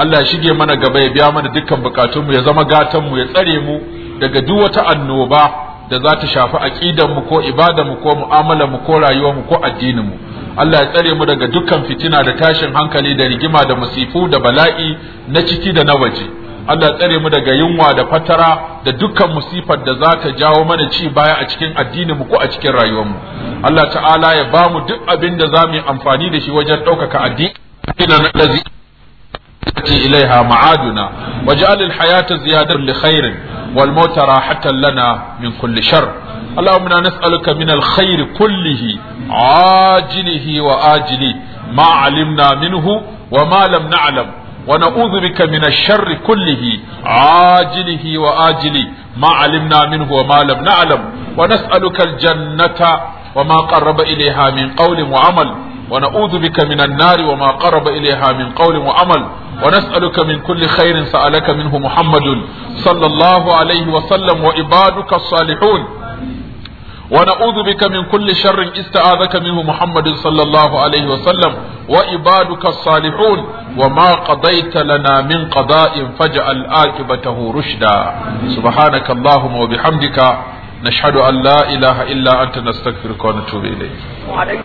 Allah ya shige mana gaba ya biya mana dukkan bukatunmu ya zama gatanmu ya tsare mu daga duk wata annoba da za ta shafi mu ko ibada mu ko mu ko rayuwar mu ko addinin mu Allah ya tsare mu daga dukkan fitina da tashin hankali da rigima da musifu da bala'i na ciki da na waje Allah ya tsare mu daga yunwa da fatara da dukkan musifar da za ta jawo mana ci baya a cikin addinin mu ko a cikin rayuwar mu. Allah ta'ala ya bamu duk abin da za mu yi amfani da shi wajen ɗaukaka addini إليها معادنا واجعل الحياة زيادة لخير والموت راحة لنا من كل شر اللهم انا نسألك من الخير كله عاجله وآجله ما علمنا منه وما لم نعلم ونعوذ بك من الشر كله عاجله وآجله ما علمنا منه وما لم نعلم ونسألك الجنة وما قرب إليها من قول وعمل ونعوذ بك من النار وما قرب إليها من قول وعمل ونسألك من كل خير سألك منه محمد صلى الله عليه وسلم وعبادك الصالحون ونعوذ بك من كل شر استعاذك منه محمد صلى الله عليه وسلم وعبادك الصالحون وما قضيت لنا من قضاء فاجعل عاقبته رشدا سبحانك اللهم وبحمدك نشهد أن لا إله إلا أنت نستغفرك ونتوب إليك